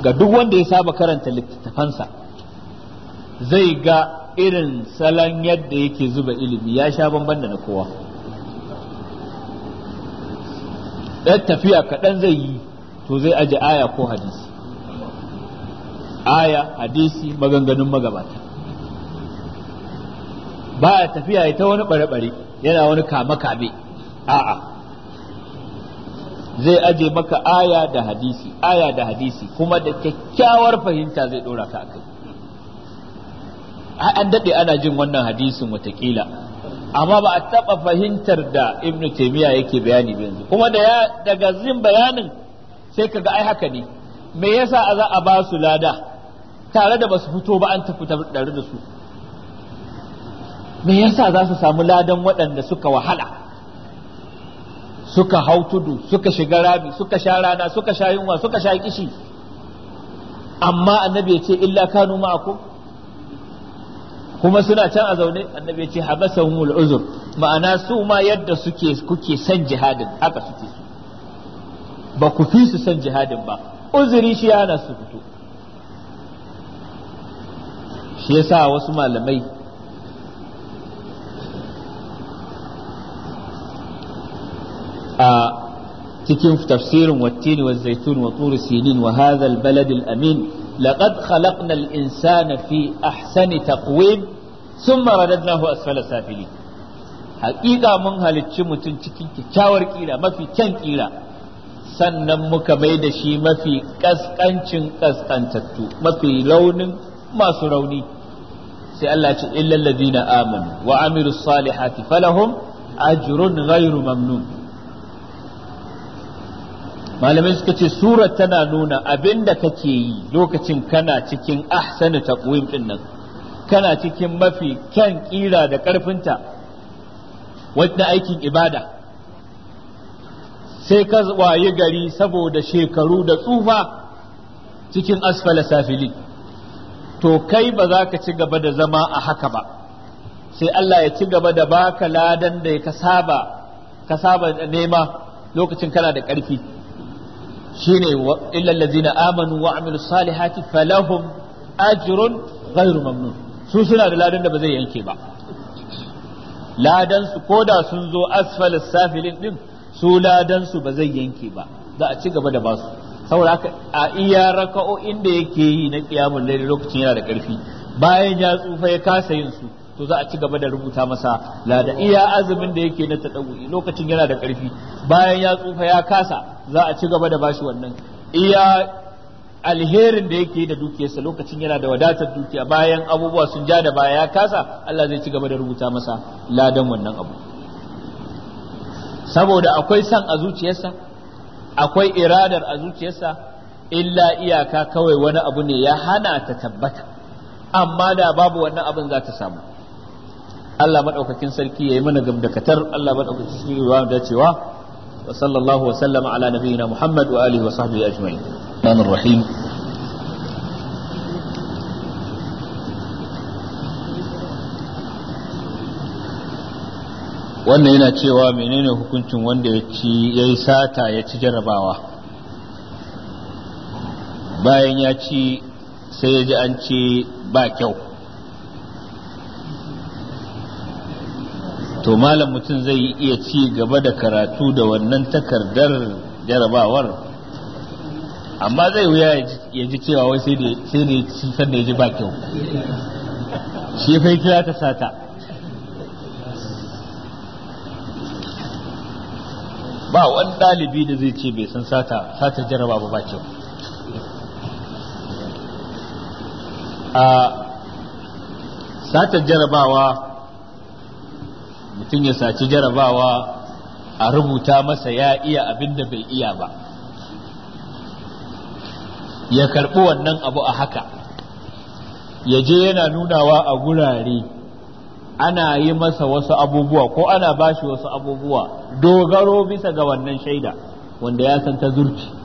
ga duk wanda ya saba karanta littattafansa zai ga irin salon yadda yake zuba ilimi ya sha bamban da na kowa ɗan tafiya kaɗan zai yi to zai aje aya ko hadisi aya hadisi maganganun magabata ba tafiya ya ta wani bare-bare yana wani kame-kame a'a zai aje maka aya da hadisi aya da hadisi kuma da kyakkyawar fahimta zai dora ka kai. an daɗe ana jin wannan hadisin watakila amma ba a taɓa fahimtar da ibnu taimiyya yake bayani yanzu kuma da daga zin bayanin sai kaga ai haka ne me yasa a za a ba su lada tare da basu fito ba an tafi tare da su me yasa za su samu ladan waɗanda suka wahala suka hau tudu suka shiga rami suka sha rana suka sha yunwa suka sha kishi amma annabi ya ce illa kanu ma'akum kuma suna can a zaune annabi ya ce wul uzur ma'ana su ma yadda suke kuke san jihadin haka suke su ba ku fi su san jihadin ba uzuri shi yana su fito shi yasa wasu malamai a cikin tafsirin wattini wa zaitun wa turu sinin wa hadha baladil amin laqad khalaqna al-insana fi ahsani taqwim thumma radadnahu asfala safilin haƙiƙa mun halicci mutum cikin kyakkyawar kira mafi kyan kira sannan muka mai da shi mafi ƙasƙancin ƙasƙantattu mafi launin masu rauni sai Allah ce illal ladina amanu wa amilu salihati falahum ajrun rairu mamnun malamai suka ce surar tana nuna abin da kake yi lokacin kana cikin ahsanu taqwim din nan kana cikin mafi kyan kira da karfinta wanda aikin ibada sai ka wayi gari saboda shekaru da tsufa cikin asfala safili to kai ba za ka ci gaba da zama a haka ba sai Allah ya ci gaba da baka ladan da ka saba ka saba nema lokacin kana da ƙarfi shine illal ladzina amanu wa amilu salihati falahum ajrun ghairu mamnun su suna da ladan da ba zai yanke ba ladan su koda sun zo asfal safilin din su ladan su ba zai yanke ba za a ci gaba da basu saboda haka a iya raka'o'in da yake yi na qiyamul layl lokacin yana da karfi bayan ya tsufa ya kasa yin su to za a ci gaba da rubuta masa lada iya azumin da yake na tadawi lokacin yana da karfi bayan ya tsufa ya kasa za a ci gaba da bashi wannan iya alherin da yake da dukiyarsa lokacin yana da wadatar dukiya bayan abubuwa sun ja da baya ya kasa Allah zai ci gaba da rubuta masa ladan wannan abu saboda akwai san a zuciyarsa akwai iradar a zuciyarsa illa iyaka kawai wani abu ne ya hana ta tabbata amma da babu wannan abin za ta samu Allah maɗaukakin sarki ya yi mana gamdakatar Allah madaukakin sarki ya da cewa wa sallallahu wa sallama ala nabiyyina Muhammad wa alihi wa sahbihi ajma'in Rahmanir Rahim wannan yana cewa menene hukuncin wanda ya ci yayi sata ya ci jarabawa bayan ya ci sai ya ji an ce ba kyau to malam mutum zai iya ci gaba da karatu da wannan takardar jarabawar amma zai wuya ya ji cewa wai sai da ya ci da ya ji ba kyau shi fai kira ta sata ba wani ɗalibi da zai ce bai san sata sata jaraba ba kyau a sata jarabawa mutum ya saci jarabawa a rubuta masa ya iya abin da bai iya ba ya karɓi wannan abu a haka ya je yana nunawa a gurare ana yi masa wasu abubuwa ko ana ba shi wasu abubuwa dogaro bisa ga wannan shaida wanda ya san ta zurfi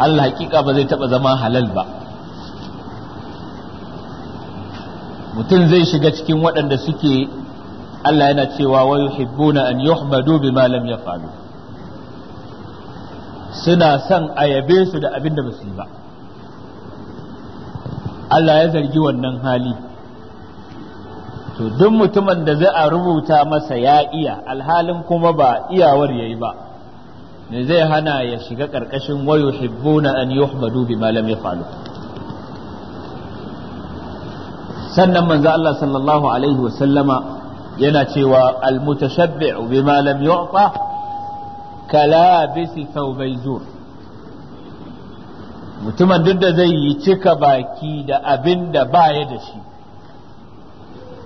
Allah hakika ba zai taɓa zama halal ba mutum zai shiga cikin waɗanda suke Allah yana cewa wa yuhibbuna an yuhmadu bima lam yaf'alu suna son a yabe su da abin da basu yi ba Allah ya zargi wannan hali to duk mutumin da zai a rubuta masa ya iya alhalin kuma ba iyawar yayi ba ne zai hana ya shiga karkashin wa yuhibbuna an yuhmadu bima lam yaf'alu sannan manzo Allah sallallahu alaihi wa sallama yana cewa almutashabbi'u bima lam yu'ta kalabisi thawbay zur mutumin duk da zai yi cika baki da abin da baya da shi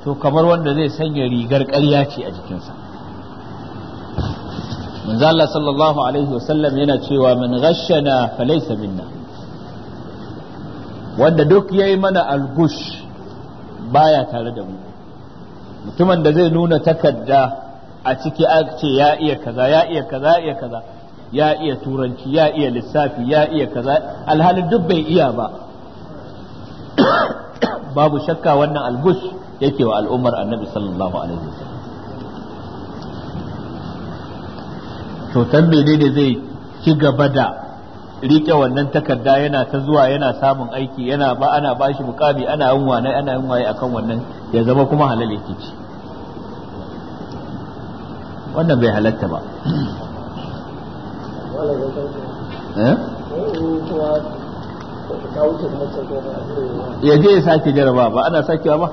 to kamar wanda zai sanya rigar ƙarya ce a jikinsa manzo Allah sallallahu alaihi wasallam yana cewa man ghashana falaysa minna wanda duk yayi mana algush baya tare da mu mutumin da zai nuna takarda a ciki a ce ya iya kaza ya iya kaza ya iya kaza ya iya turanci ya iya lissafi ya iya kaza alhali duk bai iya ba babu shakka wannan algus yake wa al'ummar annabi sallallahu alaihi wasallam to tan menene zai ci gaba da rike wannan takarda yana ta zuwa yana samun aiki yana ba ana bashi mukami ana yin wane ana yin waye akan wannan ya zama kuma halal yake ci wannan bai halatta ba eh? ya je ya sake jaraba ba ana sakewa ba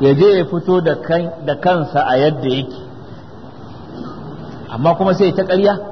ya je ya fito da kansa a yadda yake amma kuma sai ta ƙarya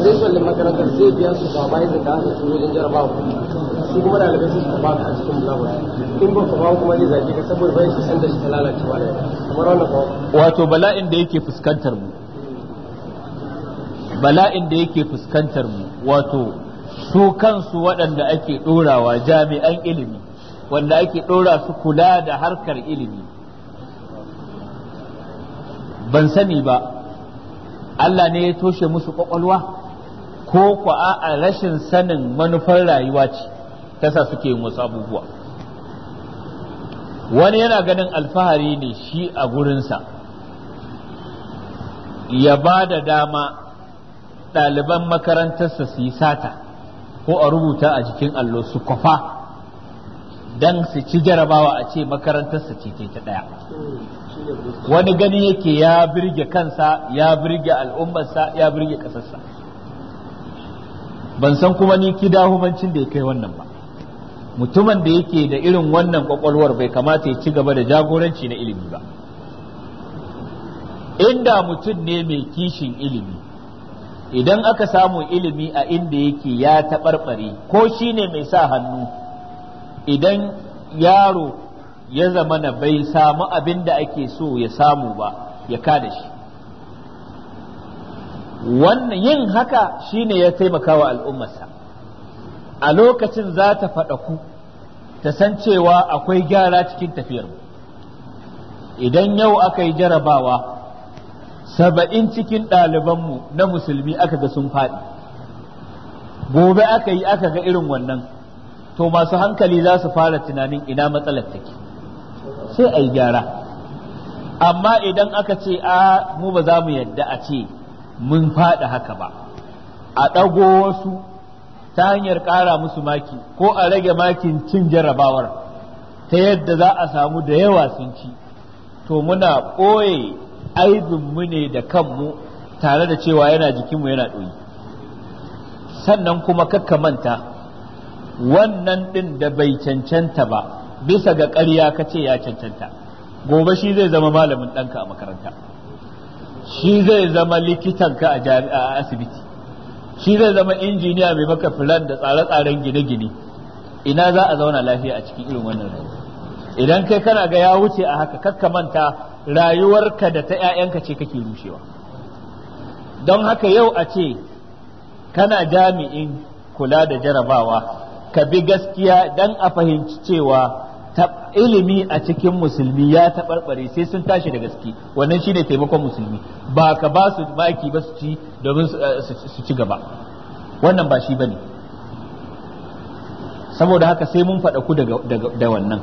wannan wato bala'in da yake fuskantar mu bala'in da yake fuskantar mu wato su kansu waɗanda ake ɗorawa jami'an ilimi wanda ake ɗora su kula da harkar ilimi ban sani ba Allah ne ya toshe musu ƙwaƙwalwa ko ku a rashin sanin manufar rayuwa ce tasa suke yin wasu abubuwa wani yana ganin alfahari ne shi a gurinsa ya ba da dama ɗaliban makarantarsa su yi sata ko a rubuta a jikin allo su kwafa don su ci jarabawa a ce makarantarsa ce ta ɗaya wani gani yake ya birge kansa ya birge al'ummarsa ya birge ƙasarsa ban san kuma ni kidahumancin da ya kai wannan ba mutumin da yake da irin wannan kwakwalwar bai kamata ya ci gaba da jagoranci na ilimi ba inda mutum ne mai kishin ilimi idan aka samu ilimi a inda yake ya taɓarɓare ko shi ne mai sa hannu idan yaro ya zama na bai samu abin da ake so ya samu ba ya kada shi wannan yin haka shine ya taimaka wa al'ummarsa a lokacin za ta faɗa ku ta san cewa akwai gyara cikin tafiyar idan yau aka yi jarabawa saba'in cikin ɗalibanmu na musulmi aka ga sun faɗi gobe aka yi aka ga irin wannan to masu hankali za su fara tunanin ina matsalar take sai a yi gyara amma idan aka ce a mu ba za mu yadda a ce mun faɗi haka ba a ɗago wasu ta hanyar ƙara musu maki ko a rage makin cin jarabawar ta yadda za a samu da yawa sun ci to muna ɓoye aibinmu ne da kanmu tare da cewa yana jikinmu yana ɗoyi sannan kuma kakka manta wannan ɗin da bai cancanta ba bisa ga ƙarya ka ce ya cancanta gobe shi zai zama malamin ɗanka a makaranta shi zai zama likitanka a jami'a asibiti shi zai zama injiniya mai maka filan da tsare-tsaren gine-gine ina za a zauna lafiya a cikin irin wannan rayuwa idan kai kana ga ya wuce a haka kakka manta rayuwarka da ta 'ya'yanka ce kake rushewa don haka yau a ce kana jami'in kula da jarabawa ka bi gaskiya don a fahimci cewa ilimi a cikin musulmi ya taɓarɓare sai sun tashi da gaske wannan shi ne taimakon musulmi ba ka ba su maki ba su ci domin su eh, ci gaba wannan ba shi ba ne. saboda haka sai mun faɗa ku da wannan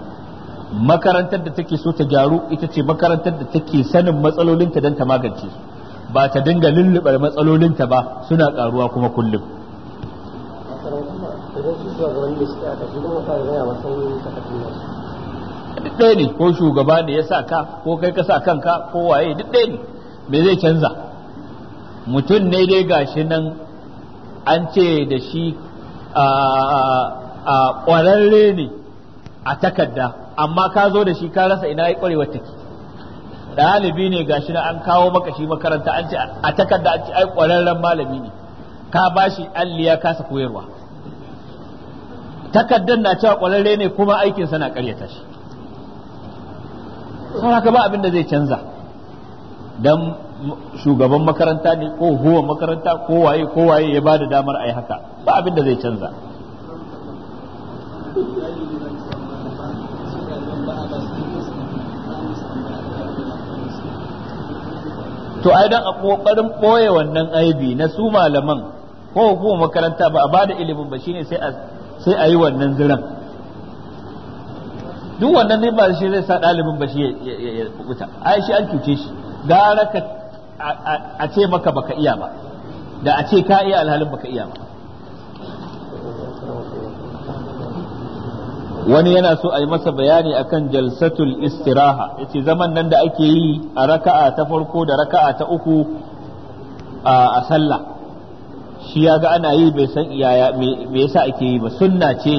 makarantar da take so ta gyaru ita ce makarantar da take sanin matsalolinta don ta magance su ba ta dinga lullubar matsalolinta ba suna karuwa kuma kullum idan su shugabanni da suke a tafi gama ta gaya wasan takardun duk ɗaya ne ko shugaba ne ya sa ka ko kai ka sa kanka ko waye duk ɗaya ne me zai canza mutum ne dai gashi nan an ce da shi a ƙwararre ne a takarda amma ka zo da shi ka rasa ina ya ƙwarewar take ɗalibi ne gashi nan an kawo maka shi makaranta an ce a takarda an ce ai ƙwararren malami ne ka bashi alliya kasa koyarwa takardar na cewa ƙwararre ne kuma aikinsa na ƙaryata shi sau haka ba abin da zai canza dan shugaban makaranta ne ko huwa makaranta ko waye ko waye ya bada damar ai haka ba abin da zai canza to ai dan a kokarin boye wannan aibi na su malaman ko huwa makaranta ba a bada ilimin ba shine sai a sai a yi wannan ziran duk wannan ne ba shi zai sa ɗalibin ba shi ya kubuta ai shi an cuce shi gara ka a ce maka baka iya ba da a ce ka iya alhalin baka iya ba wani yana so a yi masa bayani akan jalsatul istiraha yace zaman nan da ake yi a raka'a ta farko da raka'a ta uku a sallah shi ya ga ana yi bai san iyaya me yasa ake yi ba sunna ce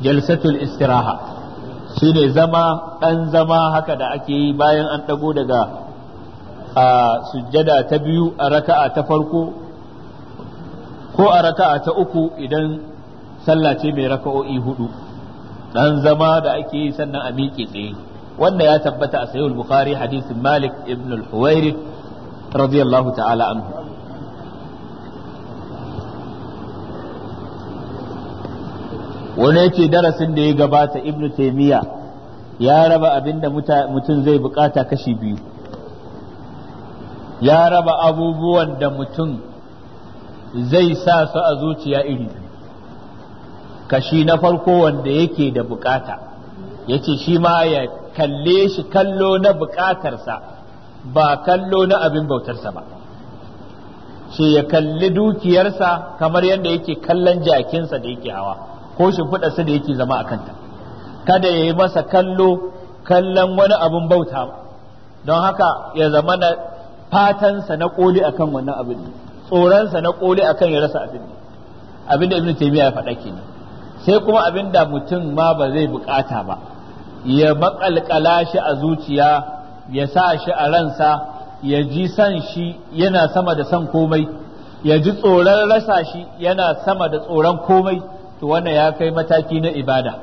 jalsatul istiraha Sine zama ɗan zama haka da ake yi bayan an ɗago daga a sujjada ta biyu a raka'a ta farko ko a raka'a ta uku idan sallah ce mai raka'o'i hudu ɗan zama da ake yi sannan a miƙe tsaye wanda ya tabbata a sayul bukhari hadisin malik ibn al-huwairi radiyallahu ta'ala anhu wani yace darasin da ya gabata ibn taymiya ya raba abinda mutum zai bukata kashi biyu ya raba abubuwan da mutum zai sa su a zuciya iri kashi na farko wanda yake da bukata yace shi ma ya kalle shi kallo na bukatarsa ba kallo na abin bautarsa ba shi ya kalli dukiyarsa kamar yadda yake kallon jakinsa da yake hawa ko shimfiɗar sa da yake zama a kanta kada ya yi masa kallo kallon wani abun bauta don haka ya zama na fatansa na koli akan wannan abin ne tsoronsa na koli akan ya rasa abin ne abin da ibnu taymiya ya faɗa kenan sai kuma abin da mutum ma ba zai bukata ba ya maƙalƙala shi a zuciya ya sa shi a ransa ya ji san shi yana sama da san komai ya ji tsoron rasa shi yana sama da tsoron komai to wannan ya kai mataki na ibada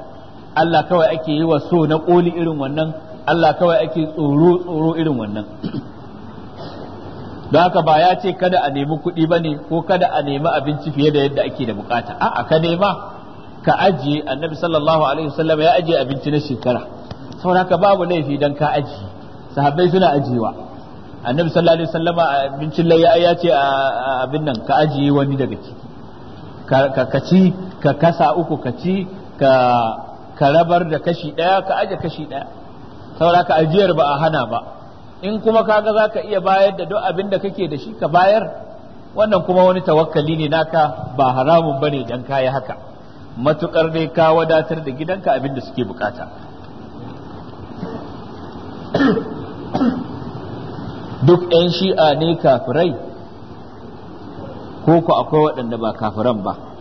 Allah kawai ake yi wa so na koli irin wannan Allah kawai ake tsoro tsoro irin wannan don haka ba ya ce kada a nemi kuɗi ba ne ko kada a nemi abinci fiye da yadda ake da bukata a'a ka nema ka ajiye annabi sallallahu alaihi wasallam ya ajiye abinci na shekara saboda haka babu laifi dan ka ajiye sahabbai suna ajiyewa annabi sallallahu alaihi wasallam abincin laifi ya ce a abin nan ka ajiye wani daga ciki ka ci ka kasa uku ka ci ka karabar da kashi ɗaya ka aje kashi ɗaya saboda ka ajiyar ba a hana ba in kuma kaga za ka iya bayar da duk abin da kake da shi ka bayar wannan kuma wani tawakkali ne naka ba haramun bane dan kayi haka matukar dai ka wadatar da gidanka abin da suke bukata duk 'yan shi'a ne kafirai ko ku akwai waɗanda ba kafiran ba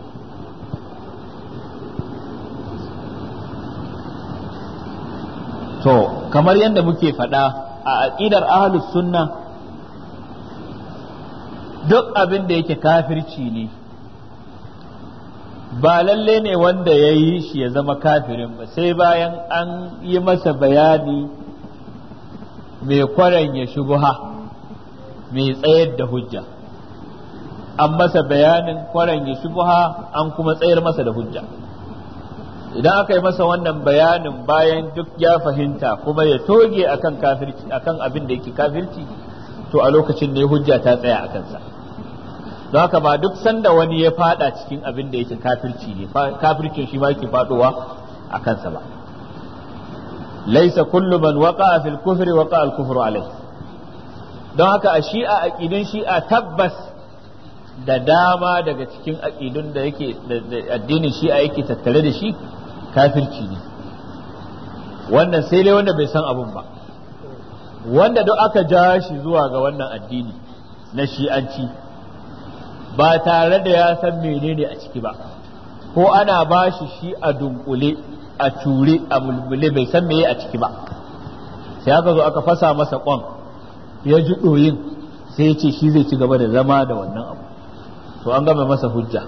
to kamar yadda muke faɗa a aƙidar ahlus sunna duk abin da yake kafirci ne ba lalle ne wanda ya yi shi ya zama kafirin ba sai bayan an yi masa bayani mai kwaran ya shubuha mai tsayar da hujja an masa bayanin kwaran ya shubuha an kuma tsayar masa da hujja idan aka yi masa wannan bayanin bayan duk ya fahimta kuma ya toge akan kafirci akan abin da yake kafirci to a lokacin ne hujja ta tsaya a kansa don haka ba duk sanda wani ya fada cikin abin da yake kafirci ne kafircin shi ma yake fadowa a kansa ba laisa kullu man waqa'a fil kufri waqa'a al kufru alayh don haka a shi'a aqidin shi'a tabbas da dama daga cikin aƙidun da yake addinin shi'a yake tattare da shi kafirci ne wannan sai dai wanda bai san abun ba wanda duk aka ja shi zuwa ga wannan addini na shi'anci ba tare da ya san menene a ciki ba ko ana ba shi shi a dunkule a ture a mulmule bai san meye a ciki ba sai aka zo aka fasa masa kwan ya ji doyin sai ya ce shi zai ci gaba da zama da wannan abu to an gama masa hujja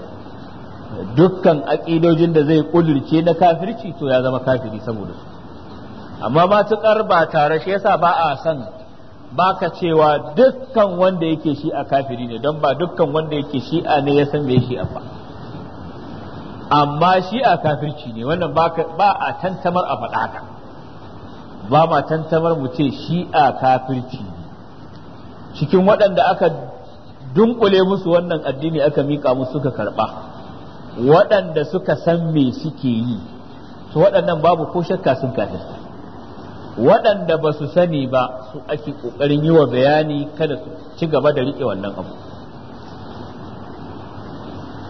dukkan aƙidojin da zai ƙudurce na kafirci to ya zama kafiri saboda su amma matuƙar ba tare shi yasa ba a san baka cewa dukkan wanda yake shi a kafiri ne don ba dukkan wanda yake a ne ya san bai shi ba amma shi a kafirci ne wannan ba a tantamar a faɗa haka ba ma tantamar mu ce shi a kafirci ne cikin waɗanda aka dunkule musu wannan addini aka miƙa musu suka karɓa waɗanda suka san me suke yi to waɗannan babu ko shakka sun kafirta waɗanda ba su sani ba su ake ƙoƙarin yi wa bayani kada su ci gaba da riƙe wannan abu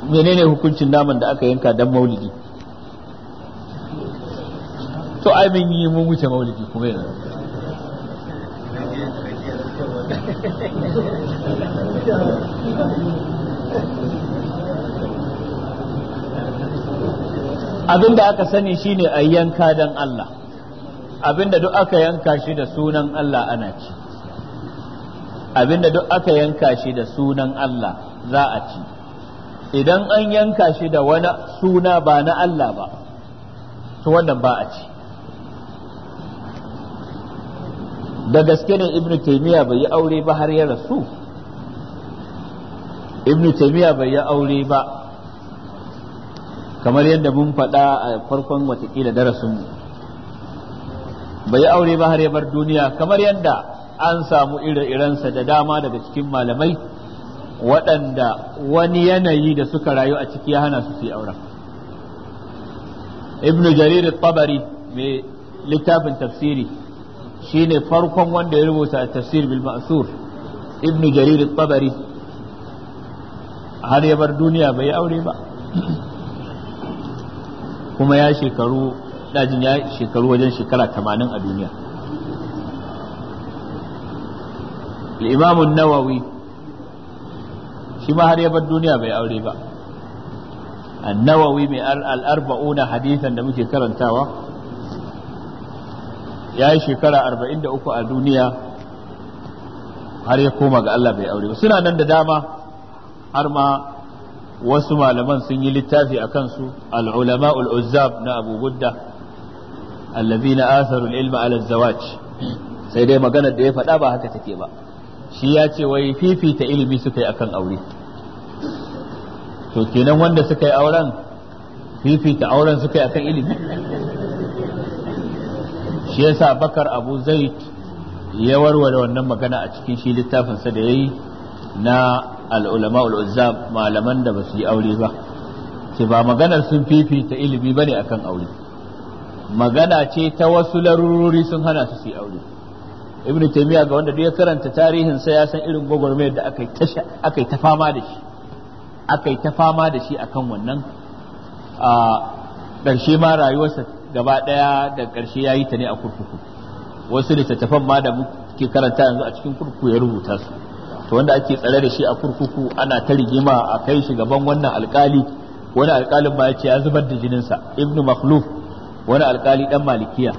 menene hukuncin naman da aka yanka don maulidi to ai mun yi mun wuce maulidi kuma yanzu Abin da aka sani shine a yanka don Allah abin da duk aka yanka shi da sunan Allah ana ci abin da duk aka yanka shi da sunan Allah za a ci idan an yanka shi da wani suna ba na Allah ba to wannan ba a ci da gaske ne ibnu taymiya bai yi aure ba har ya rasu ibnu taymiya bai yi aure ba kamar yadda mun faɗa a farkon watakila darasinmu bai yi aure ba har ya duniya kamar yadda an samu ire-irensa da dama daga cikin malamai waɗanda wani yanayi da suka rayu a ciki ya hana su su yi auren ibnu jarir tabari mai littafin tafsiri shine farkon wanda ya rubuta tafsir bil ma'sur ibnu jarir tabari har ya duniya bai yi aure ba kuma ya shekaru dajin ya shekaru wajen shekara tamanin a duniya imamun nawawi shi ma har ya bar duniya bai aure ba nawawi mai al'arba'una hadithan da muke karantawa ya yi shekara arba'in da uku a duniya har ya koma ga Allah bai aure ba suna nan da dama har ma wasu malaman sun yi littafi a kansu al'ulama ul'uzzab na abu gudda allabi na asarul ilma ala sai dai magana da ya faɗa ba haka take ba shi ya ce wai fifita ilimi suka yi akan aure to kenan wanda suka yi auren fifita auren suka yi akan ilimi shi ya sa bakar abu zaid ya warware wannan magana a cikin shi littafinsa da ya yi na al'ulama ul'uzzam malaman da ba su yi aure ba ce ba maganar sun fifita ilimi ba ne akan aure magana ce ta wasu larurori sun hana su su yi aure ibn taimiyya ga wanda duk ya karanta tarihin sai ya san irin gwagwarmayar da aka yi ta fama da shi aka yi ta fama da shi akan wannan a ƙarshe ma rayuwarsa gaba ɗaya da ƙarshe ya yi ta ne a kurkuku wasu littattafan ma da muke karanta yanzu a cikin kurkuku ya rubuta su to wanda ake tsare da shi a kurkuku ana ta rigima a kai shi gaban wannan alkali wani alkalin ba ya ce ya zubar da jinin sa ibnu makhluf wani alkali dan malikiya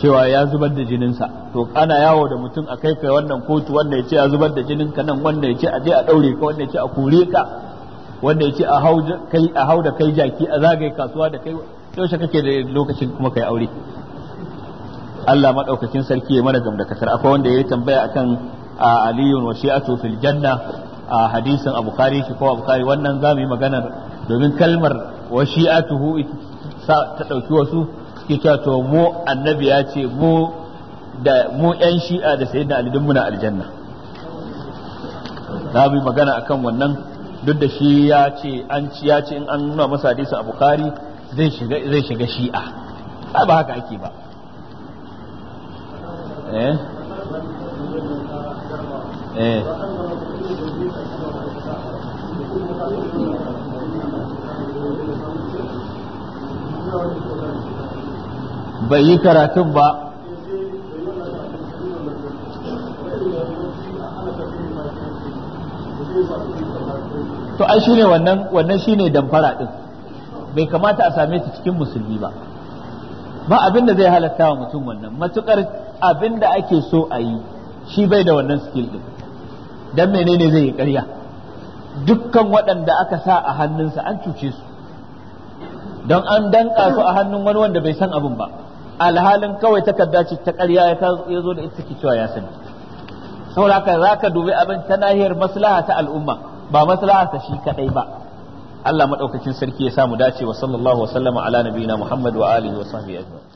cewa ya zubar da jinin sa to ana yawo da mutum a kai kai wannan kotu wanda ya ce ya zubar da jinin ka nan wanda ya ce a je a daure ka wanda ya ce a kore ka wanda ya ce a hau kai a hau da kai jaki a zagaye kasuwa da kai yaushe kake da lokacin kuma kai aure Allah madaukakin sarki ya mana gamdakatar akwai wanda ya yi tambaya akan aliyun wa shi'atu fil janna a hadisin abu kari shi ko abu kari wannan za mu yi maganar domin kalmar wa shi'atuhu ta ɗauki wasu suke cewa to mu annabi ya ce mu da mu yan shi'a da sayyidina ali dun muna aljanna za mu yi magana akan wannan duk da shi ya ce an ci ya ce in an nuna masa hadisin abu kari zai shiga zai shiga shi'a ba haka ake ba eh Eh. bai yi karatun ba to ai shine wannan wannan shine damfara din bai kamata a same su cikin musulmi ba ba abin da zai halatta wa mutum wannan matukar abin da ake so a yi shi bai da wannan skill din dan menene zai yi ƙarya dukkan waɗanda aka sa a hannunsa an cuce su don an danka su a hannun wani wanda bai san abin ba alhalin kawai takarda ce ta ƙarya ya zo da ita cewa ya sani saboda haka za ka dubi abin ta nahiyar maslaha ta al'umma ba maslaha ta shi kadai ba Allah maɗaukacin sarki ya samu dace wa sallallahu wa sallama ala nabiyina Muhammad wa alihi wa sahbihi ajma'in